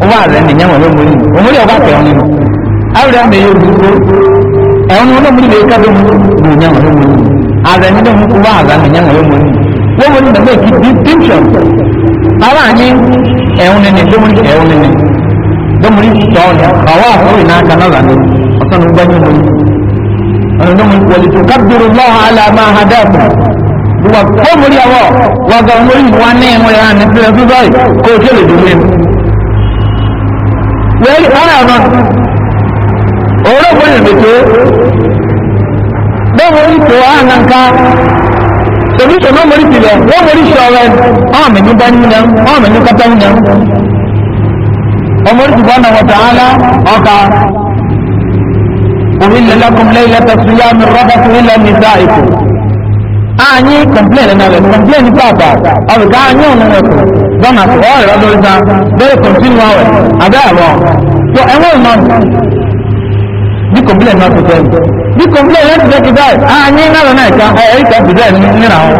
وهذا أن ينام لهم ومولي أباك يا ونمو أولا ما يربطه أولا ما مولي بيكادهم ينام لهم هذا أن ينام لهم وهذا أن ينام لهم ومولي ما بيكي distinction أولا أن ينام لهم أولا أن ينام لهم دمري سؤال خواف ويناك نظر أصلا مبين لهم ولتكبروا الله على ما هداكم وقوموا لي الله وقوموا لي وانين ويان نفسنا في ضاي كوتل الدنيا ويلي أنا أما أولا قول البتو بابا إنتو أنا كا solution náà mọ̀rí tìlẹ̀ wọ́n mọ̀rí ṣọ́ọ̀rọ̀ ọmọ ní bá nínú ọmọ ní kátà nínú ọmọ orí ti bá náà wọ̀ta hálà ọkà أهل لكم ليلة الصيام الرفث إلى نسائكم أني كمبلين أنا كمبلين بابا أو كأني أنا لكم دون أقوال رجل ذا ده كمبلين واو هذا هو تو أول ما دي كمبلين ما تكلم دي كمبلين لا تكلم كذا أني أنا أنا كأني أي كمبلين من راو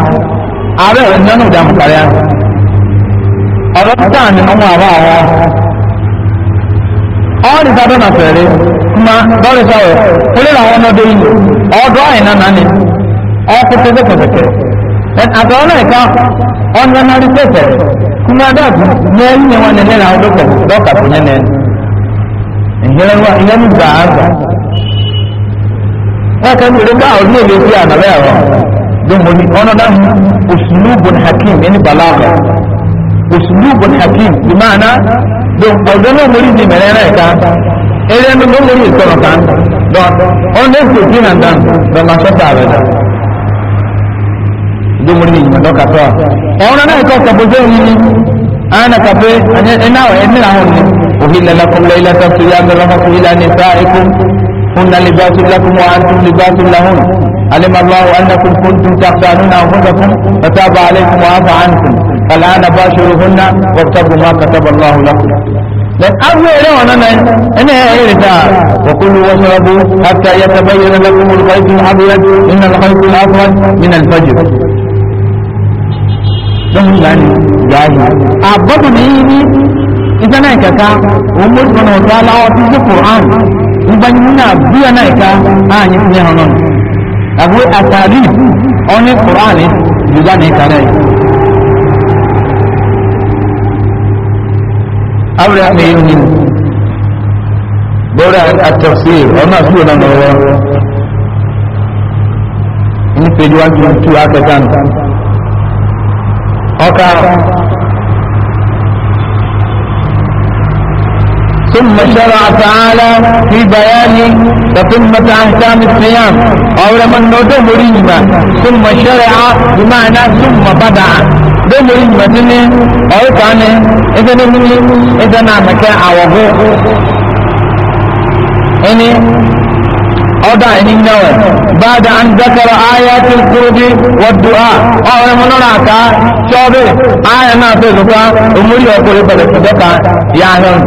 أبي أنا نو دام كريان أردت أن أمو أبا أو أو نسابة نسيري ma dɔre sɔrɔ kuli la wɔn do yin ɔ dɔɔni na nani ɔ kutu bɛ tɛmɛ kɛ ɛn a dɔɔ na yi ka ɔ nanari tɛ fɛ kuma da bi ne yi ne wa ne ne na o do kɛ dɔ ka fi ne ne ìyẹn wa ìyẹn mi gbà á gbà wọn kàn lè ká àwọn ilé sí ànàlẹ́ ẹ̀rọ domoni ọ̀nà náà òsùnú bùn hakim ẹni balaga òsùnú bùn hakim ìmáàná ọ̀dọ́ náà mo rí ní mẹ̀rẹ́rẹ́ ẹ̀ka ẹ̀rẹ́ ní mo lórí ìtọ́nà kan lọ ọ̀nà èsì tí nà dán lọ́la sọ́tà rẹ̀ dà ìdómọ̀rí ní ìgbà lọ́kà tó a ọ̀nà náà kọ́ kàbọ̀jọ́ yìí ni ana kàfé ẹ̀nà ẹ̀mí àwọn ni òfin lẹ́lẹ́kọ́ lẹ́yìn lẹ́tọ́ tó yá lọ́la fún ilà ní sáà ikú fún nà libáṣu lẹ́kùn wọn àtún libáṣu làwọn علم الله أنكم كنتم تختانون أنفسكم فتاب عليكم وعفى عنكم فالآن باشروهن وابتغوا ما كتب الله لكم أول أنا أنا أرجع وكلوا واشربوا حتى يتبين لكم الخيط الأبيض من الخيط الأسود من الفجر. دم يعني جاهل أبدا نيني إذا نايكا ومر من وتعالى وتجد القرآن وبنينا بيا نايكا آن يسمعنا أبو أساليب أن القرآن يجاني كريه amri ana yin bora a tafsir ona su na nawa ni page 122 aka kan oka ثم شرع تعالى في بيان تتمة أحكام الصيام أو لمن نوتو مريجما ثم شرع بمعنى ثم بدأ dóòlù ìmọ̀tí ní ọ̀rùkà ni ẹgbẹ́ ní mímí ẹgbẹ́ náà mẹ́kẹ́ àwọ̀gbó ẹni ọ̀dà ẹni náwẹ̀ báyìí à ń dẹ́kẹ̀rọ ayé tí kúrú bí wọ́dù á ọ̀rẹ́ mu náà ká ṣọ́ọ́bì ayé náà fẹ́ lùkọ́ òmùrí ọkùnrin pẹ̀lú ìdọ́ka yá hẹ́n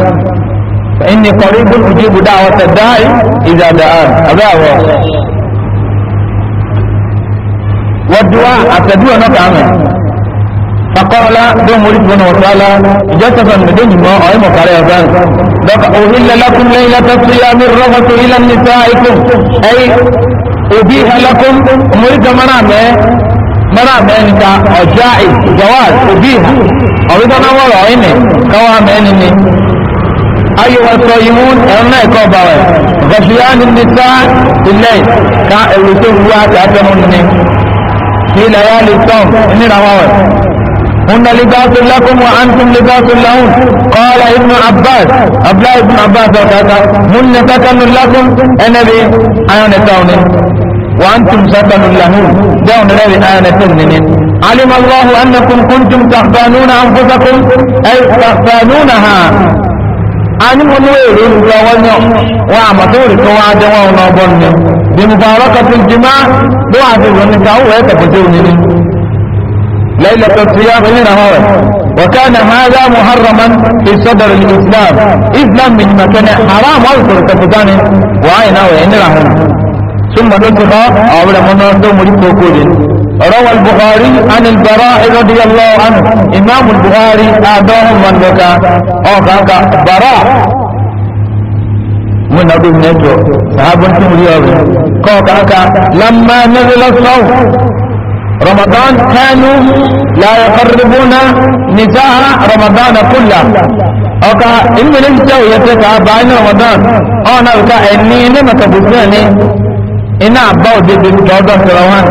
ẹni kọ̀rí gbọ́dọ̀ jí gbọ́dọ̀ àwọn tẹ̀ dá ìdàdà àbẹ́ á àtẹ̀dúwọ̀ náà kà á فقال دوم مريد بن وسالة جسفا مدين ما أعلم قرية ذلك أهل لكم ليلة الصيام الرفث إلى نسائكم أي أبيها لكم مريد منامة منامة نكا أجائز جواز أبيها أو إذا نوال عيني كوا ميني أيها الصائمون أنا كوبا غشيان النساء في الليل كا الوسوس واتعتمني في ليالي الصوم إني نوال هن لباس لكم وأنتم لباس لهم قال ابن عباس أبلا ابن عباس وكذا هن سكن لكم النبي آيان توني وأنتم سكن لهم دون النبي آيان توني علم الله أنكم كنتم تخبانون أنفسكم أي تخبانونها أنا mo ní èrè ìlú ọwọ́ náà wọn àmọ̀tòrì tó wá jẹ́ wọn ọ̀nà ọgbọ́n ni bí mo bá ọlọ́kọ̀ tó jimá ló wà sí ìrònú ká ó wẹ́ ليلة الصيام هنا هو وكان هذا محرما في صدر الإسلام إسلام من مكان حرام أذكر كفتان وعين أو إن رحمه ثم نتقى أولا من مريد وقود روى البخاري عن البراء رضي الله عنه إمام البخاري أعداه من بكى أو كان براء من أبو نجو صحابة مريد لما نزل الصوت رمضان كانوا لا يقربون نساء رمضان كله ọka ìmìlẹ̀ ìjẹ́ òyẹ́tẹ́ ká bá iná ramadan ọ̀nà ìka ẹni ilé mẹ́tàbùsẹ̀ ni iná àbá òdèdè tọ́ọ̀dọ̀ sọ̀rọ̀ wọn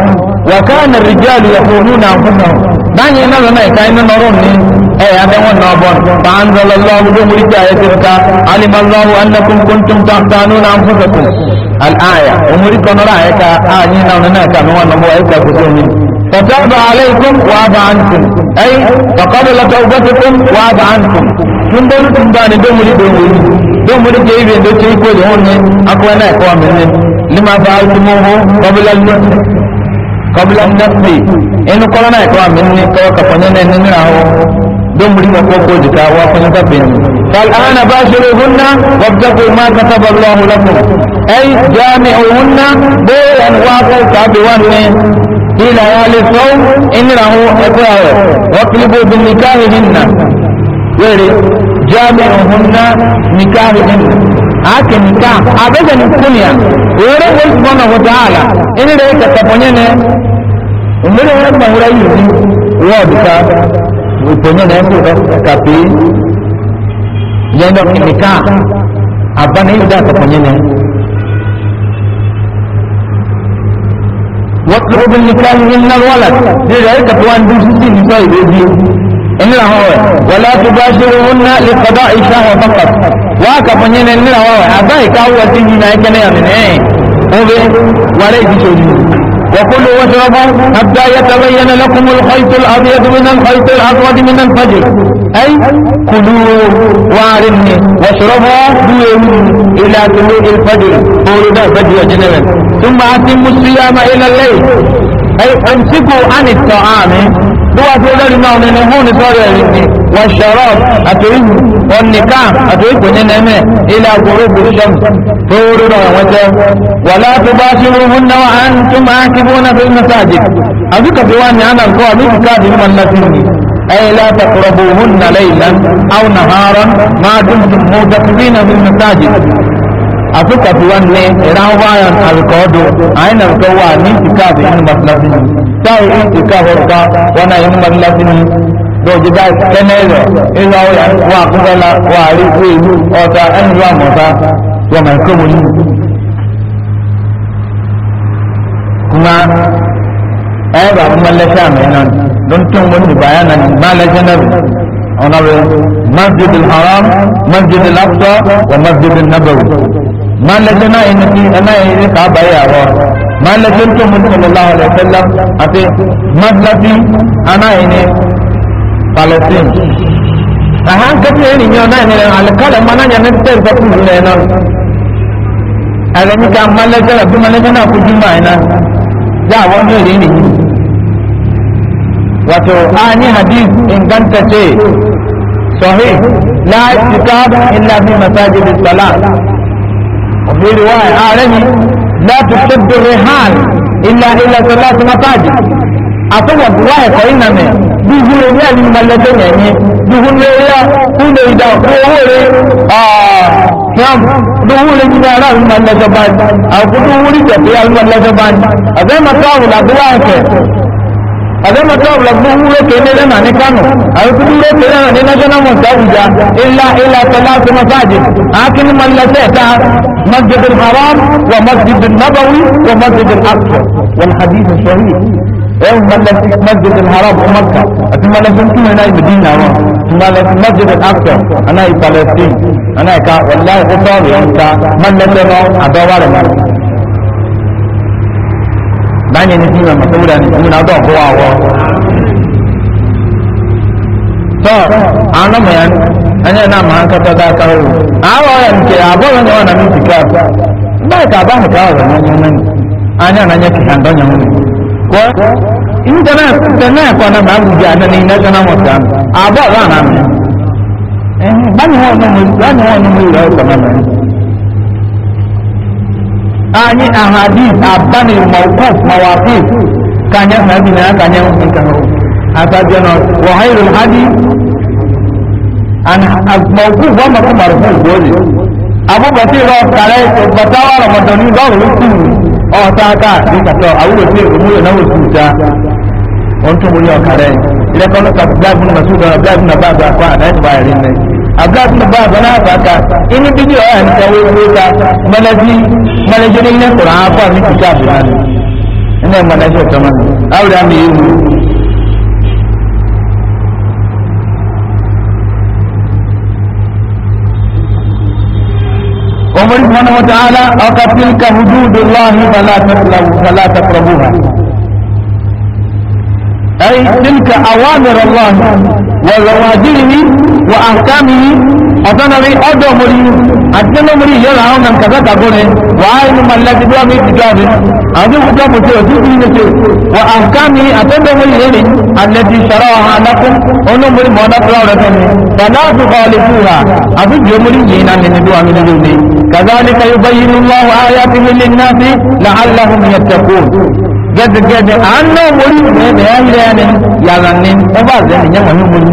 wọ̀ká ẹ̀nà ìjẹ́ olùyẹ̀kọ̀ òun náà fún náà dáyé iná lọ́nà ìka iná nọrọ̀ ní ẹ̀yà mẹ́wọ̀n náà bọ̀ fàánzọ́ lọ́lọ́wọ́ ló múrí jẹ́ ayẹ́tẹ́ ká alimọ́lọ́wọ́ annakum kuntum tàǹtàánú náà fún sọ̀tún al'aya òmúrí kọ́nọ́rọ̀ àyẹ́ká ààyè náà nínú ẹ̀ka mẹ́wọ̀n náà bọ̀ ẹ̀ka kò sí omi فتاب عليكم وعاب عنكم أي فقبل توبتكم وعاب عنكم من دون تنبان دومري دومري دومري جيبين دو تيكو لهون أقوانا أقوام منهم لما فعلتموه قبل المسلم قبل النفسي إنه قلنا أقوام منهم توقع فنانا إننا هو دومري وقوقو جتا وقنا تبين فالآن باشروهن وابتقوا ما كتب الله لكم أي جامعوهن بيئا واقع تعبوان قيل يا للصوم إنه إقرار واطلبوا بالنكاحهن ويري جامعهن نكاحهن ake nikah abeza ni kunia wewe wa subhanahu wa ta'ala ini da ka taponyene umire wa mahura yini wa bika uponyene ko kapi yendo nikah abana ida taponyene واطلب النكاح من الولد لذلك فوان دوسي نساء بيجي إن هو ولا تباشرهن لقضاء الشهوة فقط وهكا فنين إن هو أبايك هو سيدي نايك نيامن إيه وبي وليس شيء وكلوا واشربوا حتى يتبين لكم الخيط الأبيض من الخيط الأسود من الفجر أي كلوا وعرمني واشربوا بيوم إلى طلوع الفجر طولنا فجر جنبا ثم أتم الصيام إلى الليل أي امسكوا عن الطعام دوا تقول لما ننهون صار يعني. والشراب أتريه والنكاح أتريه وننمي إلى غروب الشمس طول وجه ولا تباشرهن وأنتم عاكفون في المساجد أذكر بواني أنا القوى بك كافي من نسيني أي لا تقربوهن ليلا أو نهارا ما دمتم موجودين في المساجد أفكا في وان إراو بايان الكودو أين الكوا نيتي كافي إن مطلسين ساي إيتي كافرقا وانا إن مطلسين lóòjì báyìí kẹ́nẹ́ rẹ̀ nínú ọ̀yà wà kúrẹ́lá wà rí pé ìlú kuma ẹ bá mọ́lẹ́sẹ̀ àmì náà don tun wani bayanan malajanar onawe masjid al-haram masjid al-aqsa wa masjid al-nabawi malajana ina ti ana ina ka baya wa malajin to mun sallallahu alaihi wasallam ate maslafi ana ina palestine aha kace ni nyo na ina al-kala mana nya ne tel fa ku ne na ala ni ka malajana bi malajana ku juma ina ya wa ne ni wato ani hadis ingantacce sahih la kitab illa fi masajid salat wa fi riwaya alani la tushaddu rihan illa illa salat masajid àtọwọ buwa ẹkọ iná mẹ dúdú orí ẹni malẹjọ yẹnyẹ dúdú lórí ẹ kúlẹ ìdá owó rẹ trump dúdú rẹ nínú ara ẹni malẹjọ báyìí àkókò wúrí jẹ pé ẹni malẹjọ báyìí àbẹ mọtò àwùlà buwa ẹkẹ Adama tọ́wọ́ la fún wúlò kéde lẹ́nà ní Kano, àwọn tó wúlò kéde lẹ́nà ní National Mosque Abuja, ilá ilá tọ́lá tó masáàjì, akínú mallasẹ́ ta Masjid al-Haram wa Masjid al-Nabawi wa Masjid al-Aqsa, wal hadith sahih. Ẹ̀yìn mallasẹ́ Masjid al-Haram wa Makka, àti mallasẹ́ tún náà náà Medina wọn, mallasẹ́ Masjid al-Aqsa, aná yìí Palestine, aná yìí ká wàlláhi kó sọ̀rọ̀ yẹn ká mallasẹ́ náà àdọ́wà rẹ̀ náà. báyìí ẹni tí ni tó wúlò ẹni tó wúlò ọdọ̀ ọ̀gbọ́n àwọ̀ tọ́ àwọn ọmọ yẹn ẹni ẹ̀ náà máa ń kẹ́tọ́ dáká o àwọn ọ̀rẹ́ mi kẹ́ àbọ̀rọ̀ ni wọ́n nà mí ti ká báyìí ká báyìí ká ọ̀rẹ́ mi ní ẹni ànáyẹ kìkà ń dọ́nyẹ̀ wọn kọ́ internet kọ́ náà máa ń wùdí àná ní national mosque àbọ̀ ọ̀rọ̀ àná mi báyìí ni ò ní mo ìrọ̀ ọ̀sán náà mẹ́rin ani ahadith abani mawquf mawaqif kanya nabi na kanya mkano asabiya na wa khairul hadi an mawquf wa ma marfu dole abu bati ro kare to batawa ramadani ba ru tin o ta ka ni ka to awu ti mu na wo tuta on to mu yo kare ile kono ta dabun masuda dabun baba kwa na ba yarin ne abdullahi ba ba na faka in bi ni o an tawo mota manaji manaji ne na qur'an ba mi ta bi nan ina manaji ta man aure mi yi Umar subhanahu wa ta'ala aka tilka hududullahi fala taqrabuha أي تلك أوامر الله وزواجره وأحكامه أصنع لي أدو مري أتنو مري يلا هم من كذا تقولي وعين من الذي دوا مي تجاري أدو كذا مري أدو مري نسي وأحكامه أتنو مري يلي الذي شرعها لكم أنو مري مودا فلاو فلا تخالفوها أدو جو مري ينا من من دوا كذلك يبين الله آياته للناس لعلهم يتقون gẹ́gẹ́gẹ́ni àánú mórí mẹ́rẹ̀ ẹni yàrá ní ọba zẹ́ni yẹn wọ̀nyí mórí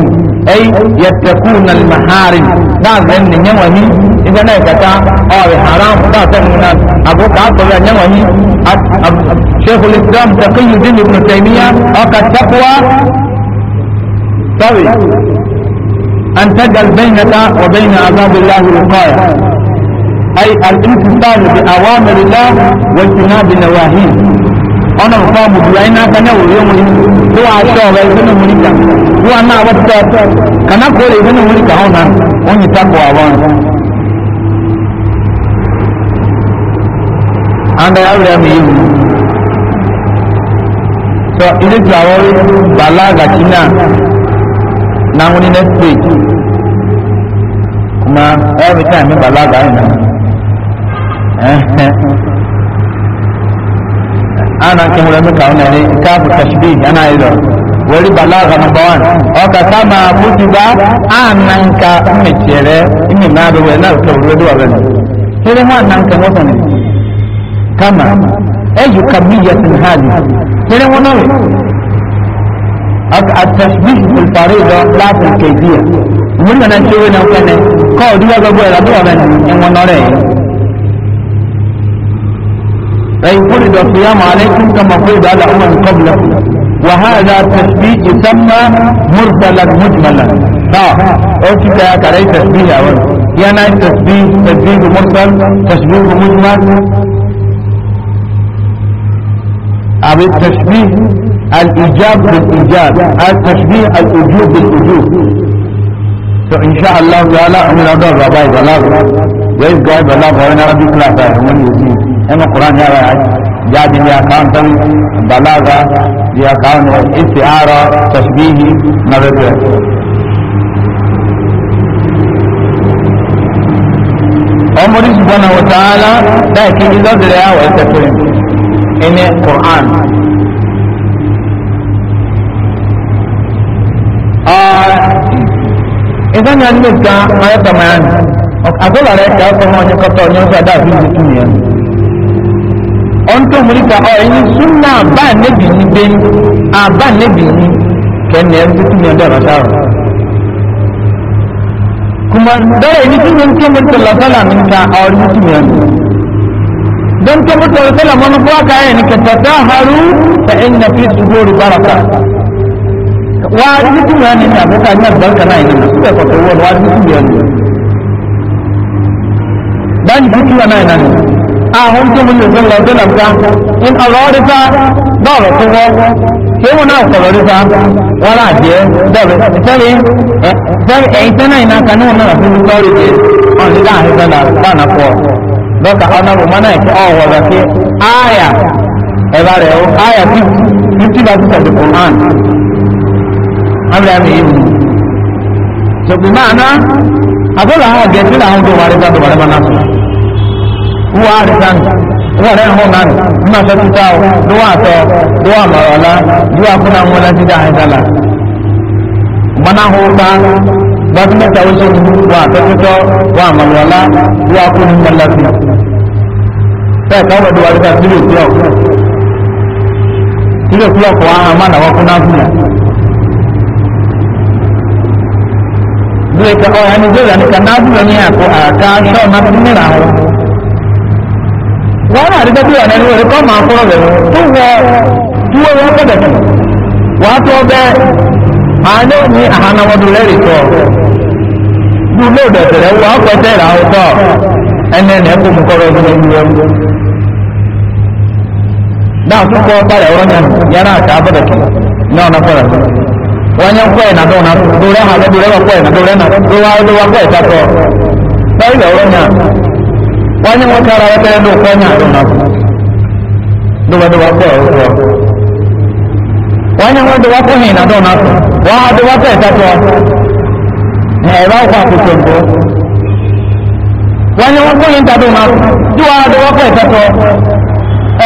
ẹ̀yí yẹtẹ̀kù nàlmàhárì náà zẹ́ni yẹn wọ̀nyí ibẹ̀ náà ìkẹta ọ̀rẹ̀ haram dáàtọ̀ múná àbúkà àtọ̀rẹ̀ yẹn wọ̀nyí sheikh islam takiyu dín ibùn tẹ̀míyà ọkà tẹ́kùwá sorry an tajal bainaka wa baina azabillahi wiqaya ay al-imtisal bi awamir Allah wa ijtinab nawahihi ọ̀nà òkú àbùdù ayé náà fẹ́ wòye mu ni ló wà aṣọ ọ̀rẹ́ ìfẹ́ náà mu ni kà ló wà náà wọ́n tẹ́ kàná kó lè ìfẹ́ náà mu ọ̀nà wọ́n yìí tako àwọn. and I will am you. so ilé tí àwọn orí bàálà àgàtìnà náà wọ́n ní next page kuma every time bàálà àgàtìnà ana ke mura muka wannan ne kafu tashbih ana ido wari balaga na bawan o ka kama kutiba anan ka mecere imi na do wena to redo aben tere ma nan ka mota ne kama ayu kamiyatin hali tere wona we التشبيه بالفريضة لا في الكيفية. ومن أن نشوف نقول كاو دي بقى بقول أبوه بني إن ونوري أي فرض الصيام عليكم كما فرض على أمم قبلكم وهذا تشبيه يسمى مرسلا مجملا ها آه، اوكي يا كده تشبيه اول يعني تشبيه تشبيه مرسل تشبيه مجمل أو التشبيه الايجاب بالايجاب التشبيه الأجوب بالاوجوب فان شاء الله تعالى من هذا الرباط ويزداد الله فوين ربي كلا فاهمون يسير اما القرآن يا رأي جاد يا كانتم بلاغة يا كان استعارة تشبيه نبذة عمر سبحانه وتعالى لكن إذا دريا ويتكلم إن القرآن آه إذا نعلمك ما يتمعن àgbẹ̀bà rẹ̀ ṣe àwọn ọmọ ọjọ́ kọ́tọ̀ ní ọjọ́ àdáàbí ìlú tún yẹn ọ̀n tó mú nípa ọ̀ ẹ̀yin súnà àbá nẹ́bì ní dé àbá nẹ́bì ní kẹ́ni ẹ̀ ń tún yẹn dọ̀rọ̀ sáà kuma dara ini tun yan kemur tala sala min ka awar mutum yan don kemur tala sala mana kuwa ka yi ka tataharu fa inna fi suduri baraka wa mutum yan ne ta buka nan barka na ina su da fata wa mutum yan dan jiki wa nan nan a hon to mun zan la dalam ka in allah da ta da ro ko ke mun na ko ro ta wala je da be sare eh, sare ai tana eh, ina kanu na ku ko ro je on da ha da na ba na ko do ka ona ru mana e ke o wa da ke aya e ba re o aya ti ti ba ta da qur'an amra mi so bi ma'ana akola ha ge ti la hon do wa re ta do ba na so wọ́n á rí sáni wọ́n rẹ̀ hàn náà nígbà tó ti sáà lówó àtọ́ lówó àmàrọ̀lá yóò àkúnná wọn láti dá àìsàlà gbanahu ta gbàtí mẹ́ta ó ṣe wọ́n àtọ́tútọ́ wọ́n àmàrọ̀lá yóò àkúnná wọn láti bẹ́ẹ̀ káwọn ọ̀dọ̀ wà lóta sílò clock sílò clock wọn àwọn àmàlà wọn kúnná fúnà bí ẹ̀ka ọ̀hánijọ́ ìlànà kan náà fúnà ní àkọ́ àká ṣọ́ọ̀ máa fi mìíràn àwọn wọ́n máa rí gbẹ́gbẹ́ ọ̀nà ẹni rẹ̀ kọ́ máa kúrò rẹ̀ tó wọ dúró wọn kọ́dẹ̀ tó wàá tó bẹ́ àánú ní àhánáwọ́dún lẹ́rìí tọ́ gbogbo ìdọ̀tẹ̀rẹ̀ wọ ọ̀pẹ̀tẹ̀ rà ó tọ́ ẹni ẹni ẹkọ mú kọ́rọ̀ ọdún ẹni rẹ̀ náà tó kọ́ parẹ̀ ọ̀rọ̀ yẹn yẹn náà ká bọ̀dẹ̀ kì náà náà kọ́rọ̀ tó wọ́n yẹn kọ́ ẹ̀ nàdó náà dúró ẹ̀ wani wata rawa ta yadda kwa ni aro na duba duba kwa ya kwa wani wata wa kwa hina do na wa duba ta ta kwa na ira kwa ku tembo wani wa kwa hina do na duwa duba kwa ta kwa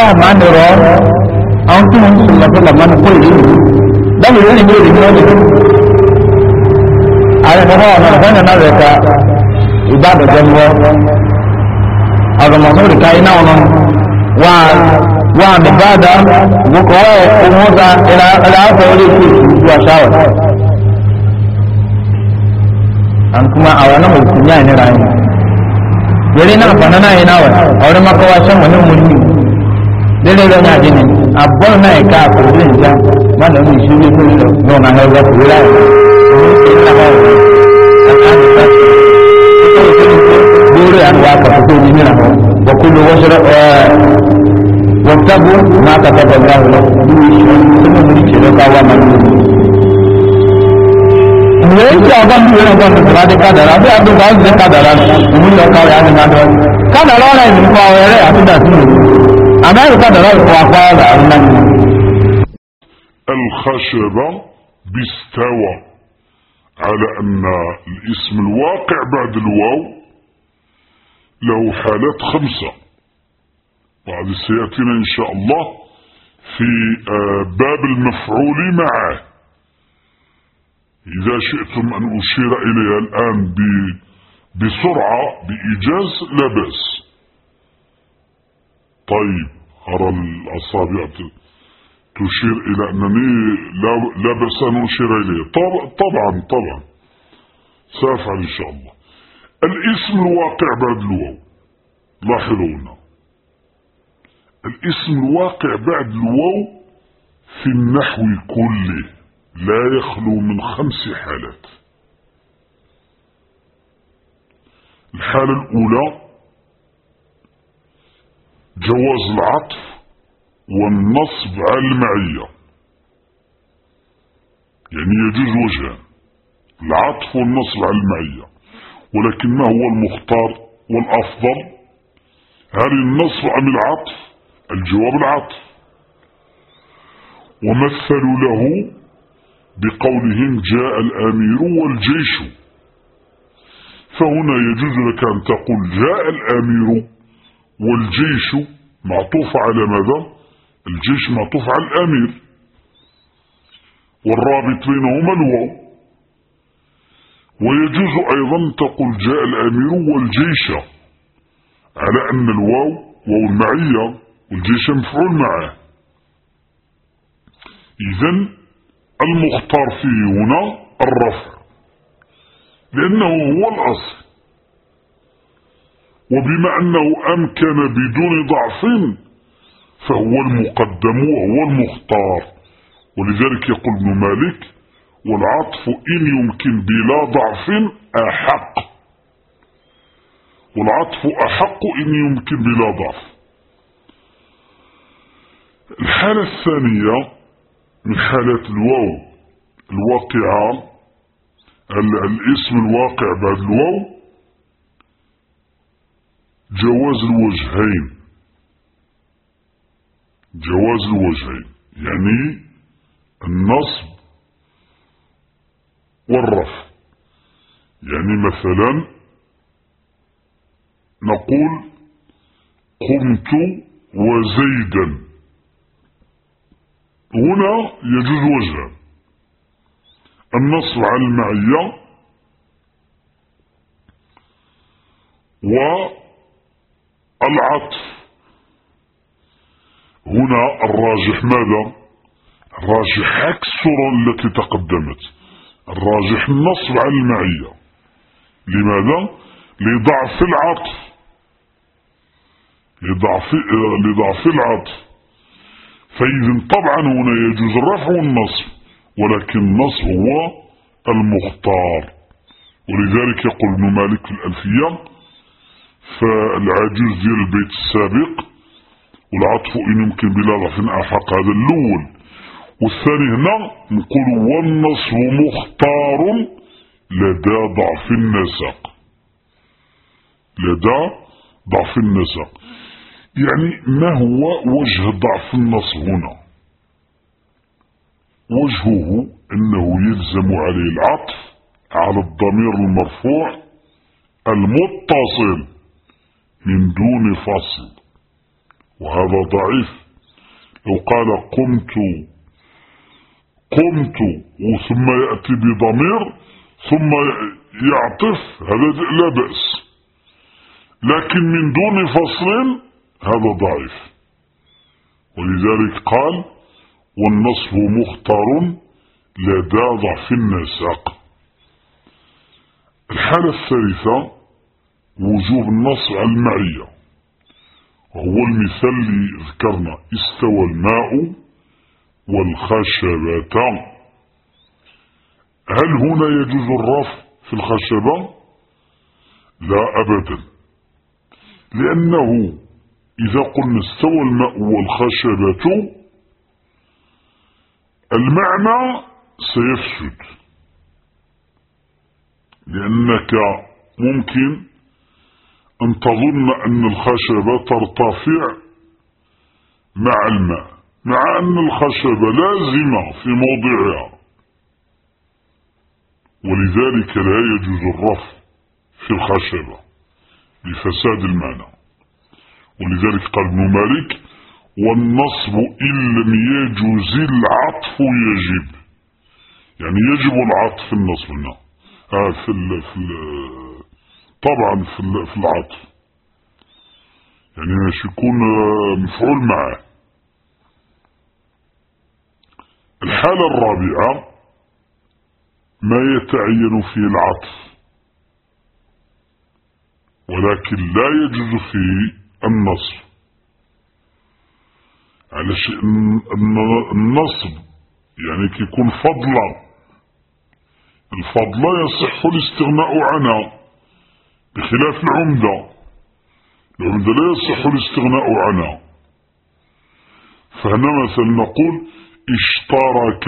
eh man ro àwọn tí wọ́n sùn lọ́pọ̀ lọ́pọ̀ ní kó ìlú dábìlì ó ní bí èdè náà nìyí ààrẹ bàbá ọ̀nà ìfẹ́ náà rẹ̀ ka ìbádọ̀jọ́ ń wọ́ azamasori ka ina ono wa wa mibada guko wa umuza ila ila hasa wali kuwa shawa an kuma a wani mutum ya ne rayu yare na fana na ina wa a wani makawashin wani mulki dole da na jini abon na ya ka kuri in ja mana mu shi ne kun da na hauwa kuri rayu ne sai أنواع كفتون منه وكل وشرب واتقوا ما كتب الله لكم ثم مريك لك ومن Ìrèsì àwọn ìwé ọgbọ́n ìpínlẹ̀ adé kádàrá bí àdúgbò ọ̀gbẹ́ kádàrá ìmúlẹ̀ ọ̀ká rẹ̀ á ní máa dọ́rọ̀. Kádàrá ọ̀rẹ́ ìdìbò àwọn ẹ̀rẹ́ àtúndà sí òru. Àbẹ́rù kádàrá ìfọ̀ apá ọ̀rẹ́ àrùn náà. الخشبة بيستوى على أن الاسم الواقع بعد الواو له حالات خمسة بعد سيأتينا إن شاء الله في آه، باب المفعول معه إذا شئتم أن أشير إليها الآن بسرعة بإيجاز لا بأس طيب أرى الأصابع تشير إلى أنني لا بأس أن أشير إليه طبعا طبعا سأفعل إن شاء الله الاسم الواقع بعد الواو لاحظوا هنا الاسم الواقع بعد الواو في النحو كله لا يخلو من خمس حالات الحالة الأولى جواز العطف والنصب على المعية يعني يجوز وجهان العطف والنصب على المعية ولكن ما هو المختار والأفضل هل النصر أم العطف الجواب العطف ومثلوا له بقولهم جاء الأمير والجيش فهنا يجوز لك أن تقول جاء الأمير والجيش معطوف على ماذا الجيش معطوف على الأمير والرابط بينهما الواو ويجوز أيضا تقول جاء الأمير والجيش على أن الواو واو المعية والجيش مفعول معه إذا المختار فيه هنا الرفع لأنه هو الأصل وبما أنه أمكن بدون ضعف فهو المقدم وهو المختار ولذلك يقول ابن مالك والعطف إن يمكن بلا ضعف أحق والعطف أحق إن يمكن بلا ضعف الحالة الثانية من حالات الواو الواقعة الاسم الواقع بعد الواو جواز الوجهين جواز الوجهين يعني النصب والرفع يعني مثلا نقول قمت وزيدا هنا يجوز وجهان النصب على المعية والعطف هنا الراجح ماذا الراجح عكس التي تقدمت الراجح النصب على المعية لماذا؟ لضعف العطف لضعف, لضعف العطف فإذا طبعا هنا يجوز الرفع والنصب ولكن النصب هو المختار ولذلك يقول ابن مالك في الألفية فالعجوز ديال البيت السابق والعطف إن يمكن بلا ضعف أحق هذا الأول والثاني هنا نقول والنصب مختار لدى ضعف النسق لدى ضعف النسق يعني ما هو وجه ضعف النص هنا وجهه أنه يلزم عليه العطف على الضمير المرفوع المتصل من دون فصل وهذا ضعيف لو قال قمت قمت وثم يأتي بضمير ثم يعطف هذا لا بأس لكن من دون فصل هذا ضعيف ولذلك قال والنصب مختار لدى ضعف النساق الحالة الثالثة وجوب النص على المعية وهو المثال اللي ذكرنا استوى الماء والخشبة هل هنا يجوز الرف في الخشبة لا أبدا لأنه إذا قلنا استوى الماء والخشبة المعنى سيفسد لأنك ممكن أن تظن أن الخشبة ترتفع مع الماء مع نعم أن الخشبة لازمة في موضعها ولذلك لا يجوز الرف في الخشبة لفساد المعنى ولذلك قال ابن مالك والنصب إن لم يجوز العطف يجب يعني يجب العطف في النصب هنا آه في في طبعا في, في العطف يعني مش يكون مفعول معه الحالة الرابعة ما يتعين فيه العطف ولكن لا يجوز فيه النصب على شيء النصب يعني كيكون فضلا الفضلة يصح الاستغناء عنها بخلاف العمدة العمدة لا يصح الاستغناء عنها فهنا مثلا نقول اشترك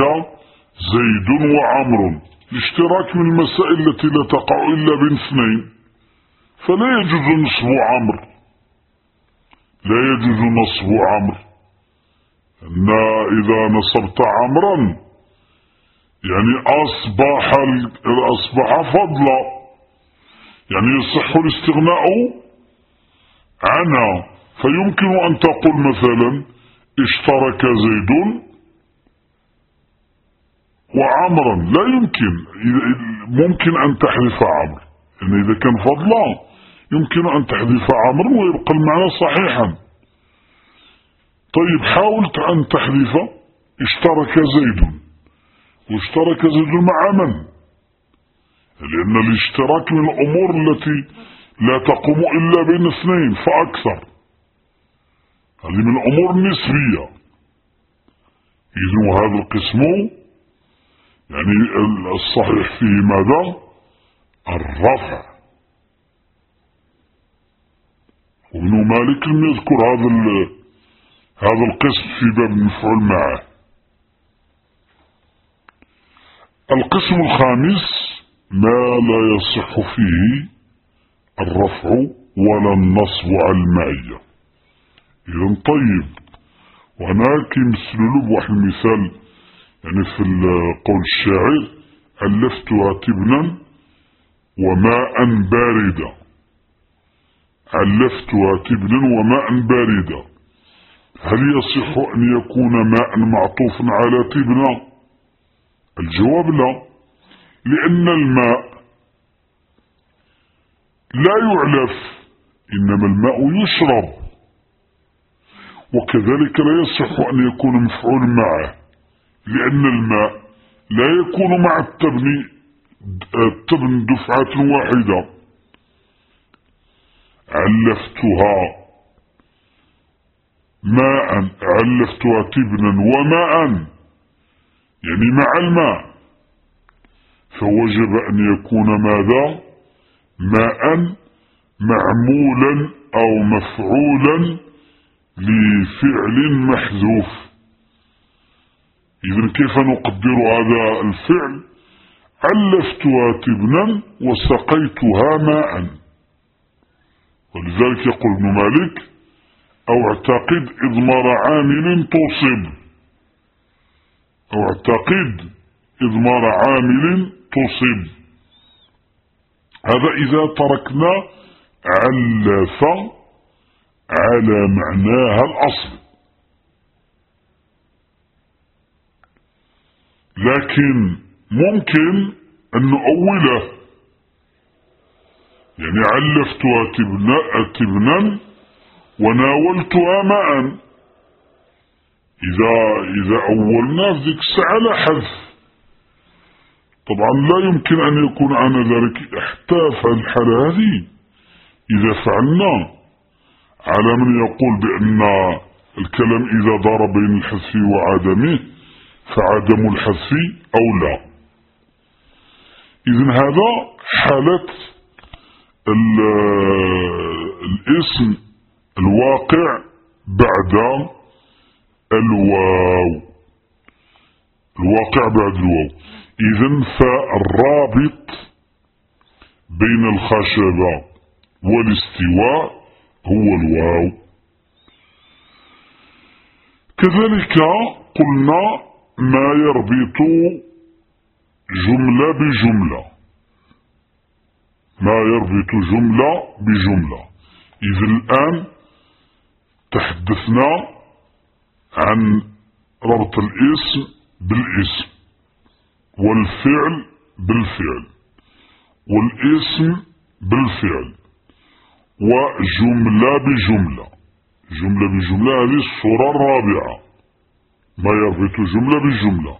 زيد وعمر الاشتراك من المسائل التي لا تقع إلا بين اثنين فلا يجوز نصب عمرو لا يجوز نصب عمرو أن إذا نصبت عمرا يعني أصبح أصبح فضلا يعني يصح الاستغناء عنها فيمكن أن تقول مثلا اشترك زيد وعمرا لا يمكن ممكن أن تحذف عمرا يعني إذا كان فضلا يمكن أن تحذف عمرا ويبقى المعنى صحيحا طيب حاولت أن تحذف اشترك زيد واشترك زيد مع من لأن الاشتراك من الأمور التي لا تقوم إلا بين اثنين فأكثر هذه من الأمور النسبية إذن هذا القسم يعني الصحيح فيه ماذا الرفع وابن مالك لم يذكر هذا هذا القسم في باب المفعول معه القسم الخامس ما لا يصح فيه الرفع ولا النصب على المعية إذا طيب وأنا كي مثل بواحد المثال يعني في القول الشاعر ألفتها تبنا وماء باردا ألفتها تبنا وماء باردا هل يصح أن يكون ماء معطوف على تبنا الجواب لا لأن الماء لا يعلف إنما الماء يشرب وكذلك لا يصح أن يكون مفعول معه لأن الماء لا يكون مع التبن آه، التبن دفعة واحدة علفتها ماء علفتها تبنا وماء يعني مع الماء فوجب أن يكون ماذا ماء معمولا أو مفعولا لفعل محذوف إذا كيف نقدر هذا الفعل علفتها تبنا وسقيتها ماء ولذلك يقول ابن مالك أو اعتقد إضمار عامل تصب أو اعتقد إضمار عامل تصب هذا إذا تركنا علف على معناها الأصل لكن ممكن أن نؤوله يعني علفتها تبنا وناولتها ماء إذا إذا أولنا ذيك الساعة لا حذف طبعا لا يمكن أن يكون عن ذلك احتاف الحالة هذه إذا فعلنا على من يقول بأن الكلام إذا دار بين الحذف وعدمه فعدم الحذف لا إذن هذا حالة الاسم الواقع بعد الواو الواقع بعد الواو إذن فالرابط بين الخشبة والاستواء هو الواو كذلك قلنا ما يربط جملة بجملة ما يربط جملة بجملة إذا الآن تحدثنا عن ربط الاسم بالاسم والفعل بالفعل والاسم بالفعل وجملة بجملة جملة بجملة هذه الصورة الرابعة ما يربط جملة بجملة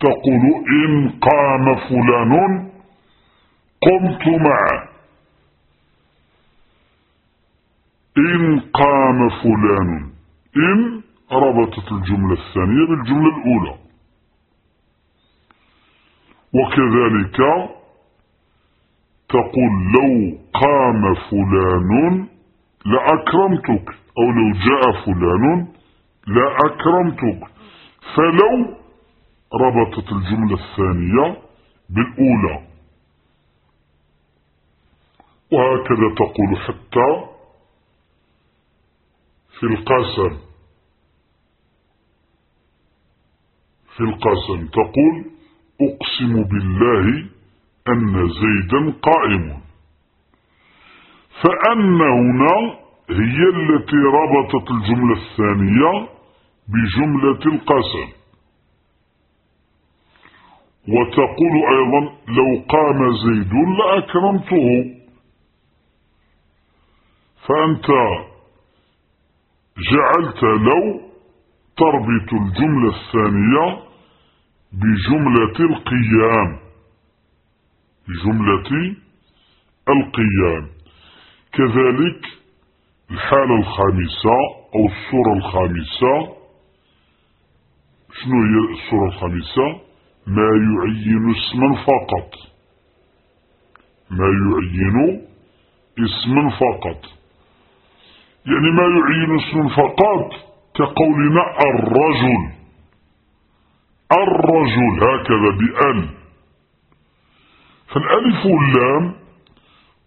تقول إن قام فلان قمت معه إن قام فلان إن ربطت الجملة الثانية بالجملة الأولى وكذلك تقول لو قام فلان لأكرمتك أو لو جاء فلان لأكرمتك فلو ربطت الجملة الثانية بالأولى وهكذا تقول حتى في القسم في القسم تقول أقسم بالله أن زيدا قائم فأن هنا هي التي ربطت الجملة الثانية بجملة القسم وتقول أيضا لو قام زيد لأكرمته فأنت جعلت لو تربط الجملة الثانية بجملة القيام بجملة القيام كذلك الحالة الخامسة أو الصورة الخامسة شنو هي الصورة الخامسة ما يعين اسما فقط ما يعين اسما فقط يعني ما يعين اسما فقط كقولنا الرجل الرجل هكذا بأن فالألف واللام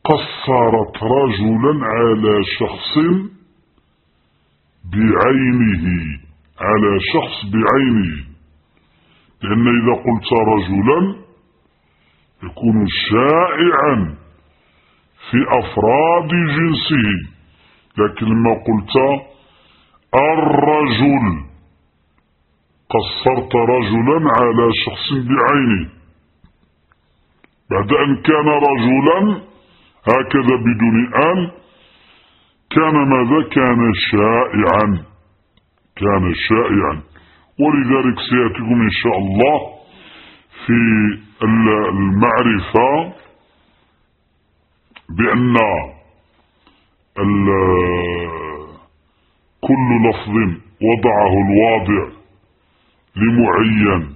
قصرت رجلا على شخص بعينه على شخص بعينه لأن إذا قلت رجلا يكون شائعا في أفراد جنسه لكن لما قلت الرجل قصرت رجلا على شخص بعينه بعد أن كان رجلا هكذا بدون أن كان ماذا كان شائعا كان شائعا ولذلك سيأتيكم إن شاء الله في المعرفة بأن كل لفظ وضعه الواضع لمعين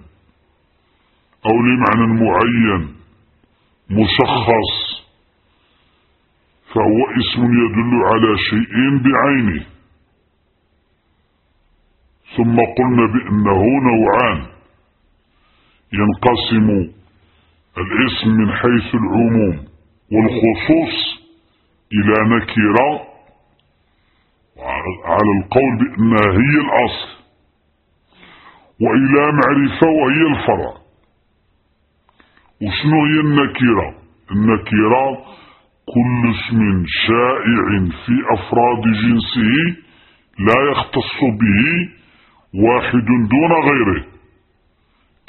أو لمعنى معين مشخص فهو اسم يدل على شيء بعينه ثم قلنا بأنه نوعان ينقسم الاسم من حيث العموم والخصوص إلى نكرة على القول بأنها هي الأصل وإلى معرفة وهي الفرع وشنو هي النكرة النكرة كل اسم شائع في أفراد جنسه لا يختص به واحد دون غيره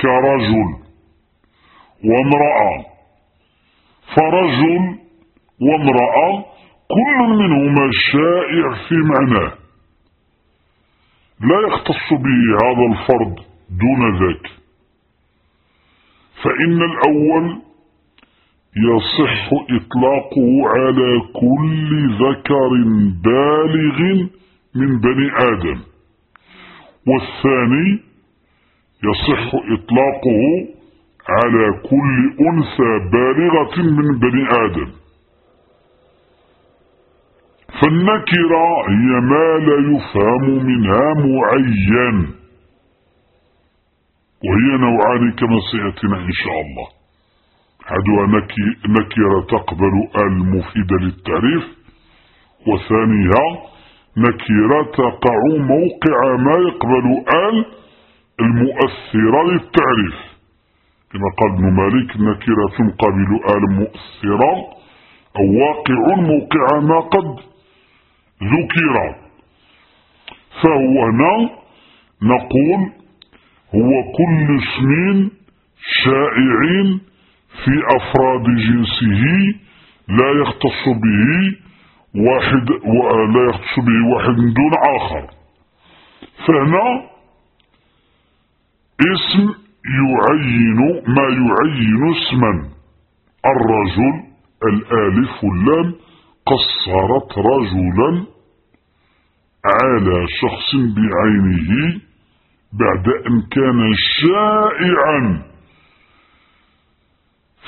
كرجل وامرأة فرجل وامرأة كل منهما شائع في معناه لا يختص به هذا الفرد دون ذاك فإن الأول يصح إطلاقه على كل ذكر بالغ من بني آدم والثاني يصح إطلاقه على كل أنثى بالغة من بني آدم فالنكرة هي ما لا يفهم منها معين وهي نوعان كما سيأتينا إن شاء الله أحدها نكرة تقبل المفيدة للتعريف وثانيها نكيرة تقع موقع ما يقبل آل المؤثرة للتعريف كما قال ابن مالك نكرة قبل آل مؤثرة أو واقع موقع ما قد ذكر فهو هنا نقول هو كل اسم شائع في أفراد جنسه لا يختص به واحد لا يختص به واحد من دون آخر فهنا اسم يعين ما يعين اسما الرجل الآلف واللام قصرت رجلا على شخص بعينه بعد أن كان شائعا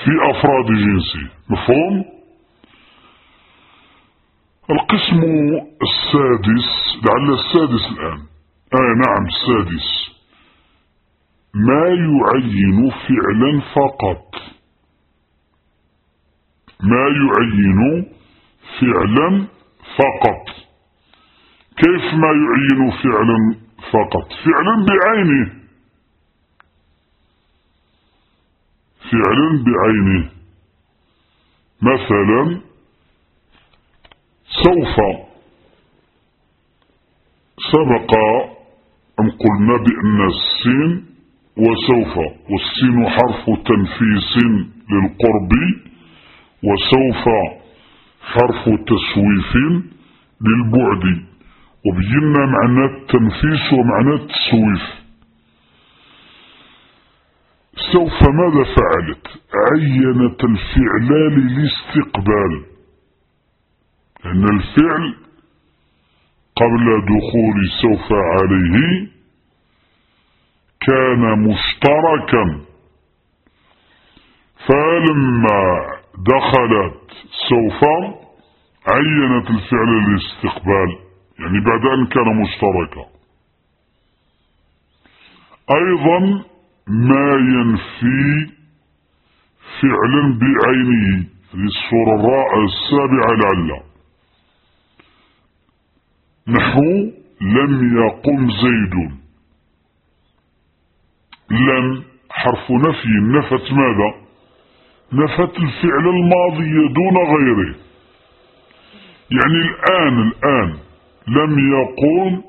في أفراد جنسه مفهوم؟ القسم السادس لعل السادس الآن آه نعم السادس ما يعين فعلا فقط ما يعين فعلا فقط كيف ما يعين فعلا فقط فعلا بعينه فعلا بعينه مثلا سوف سبق أن قلنا بأن السين وسوف والسين حرف تنفيس للقرب وسوف حرف تسويف للبعد وبينا معنى التنفيس ومعنى التسويف سوف ماذا فعلت عينت الفعلان للاستقبال أن الفعل قبل دخول سوف عليه كان مشتركا فلما دخلت سوف عينت الفعل الاستقبال يعني بعد أن كان مشتركا أيضا ما ينفي فعلا بعينه للصورة الصورة السابعة لعله نحو لم يقم زيد لم حرف نفي نفت ماذا نفت الفعل الماضي دون غيره يعني الآن الآن لم يقوم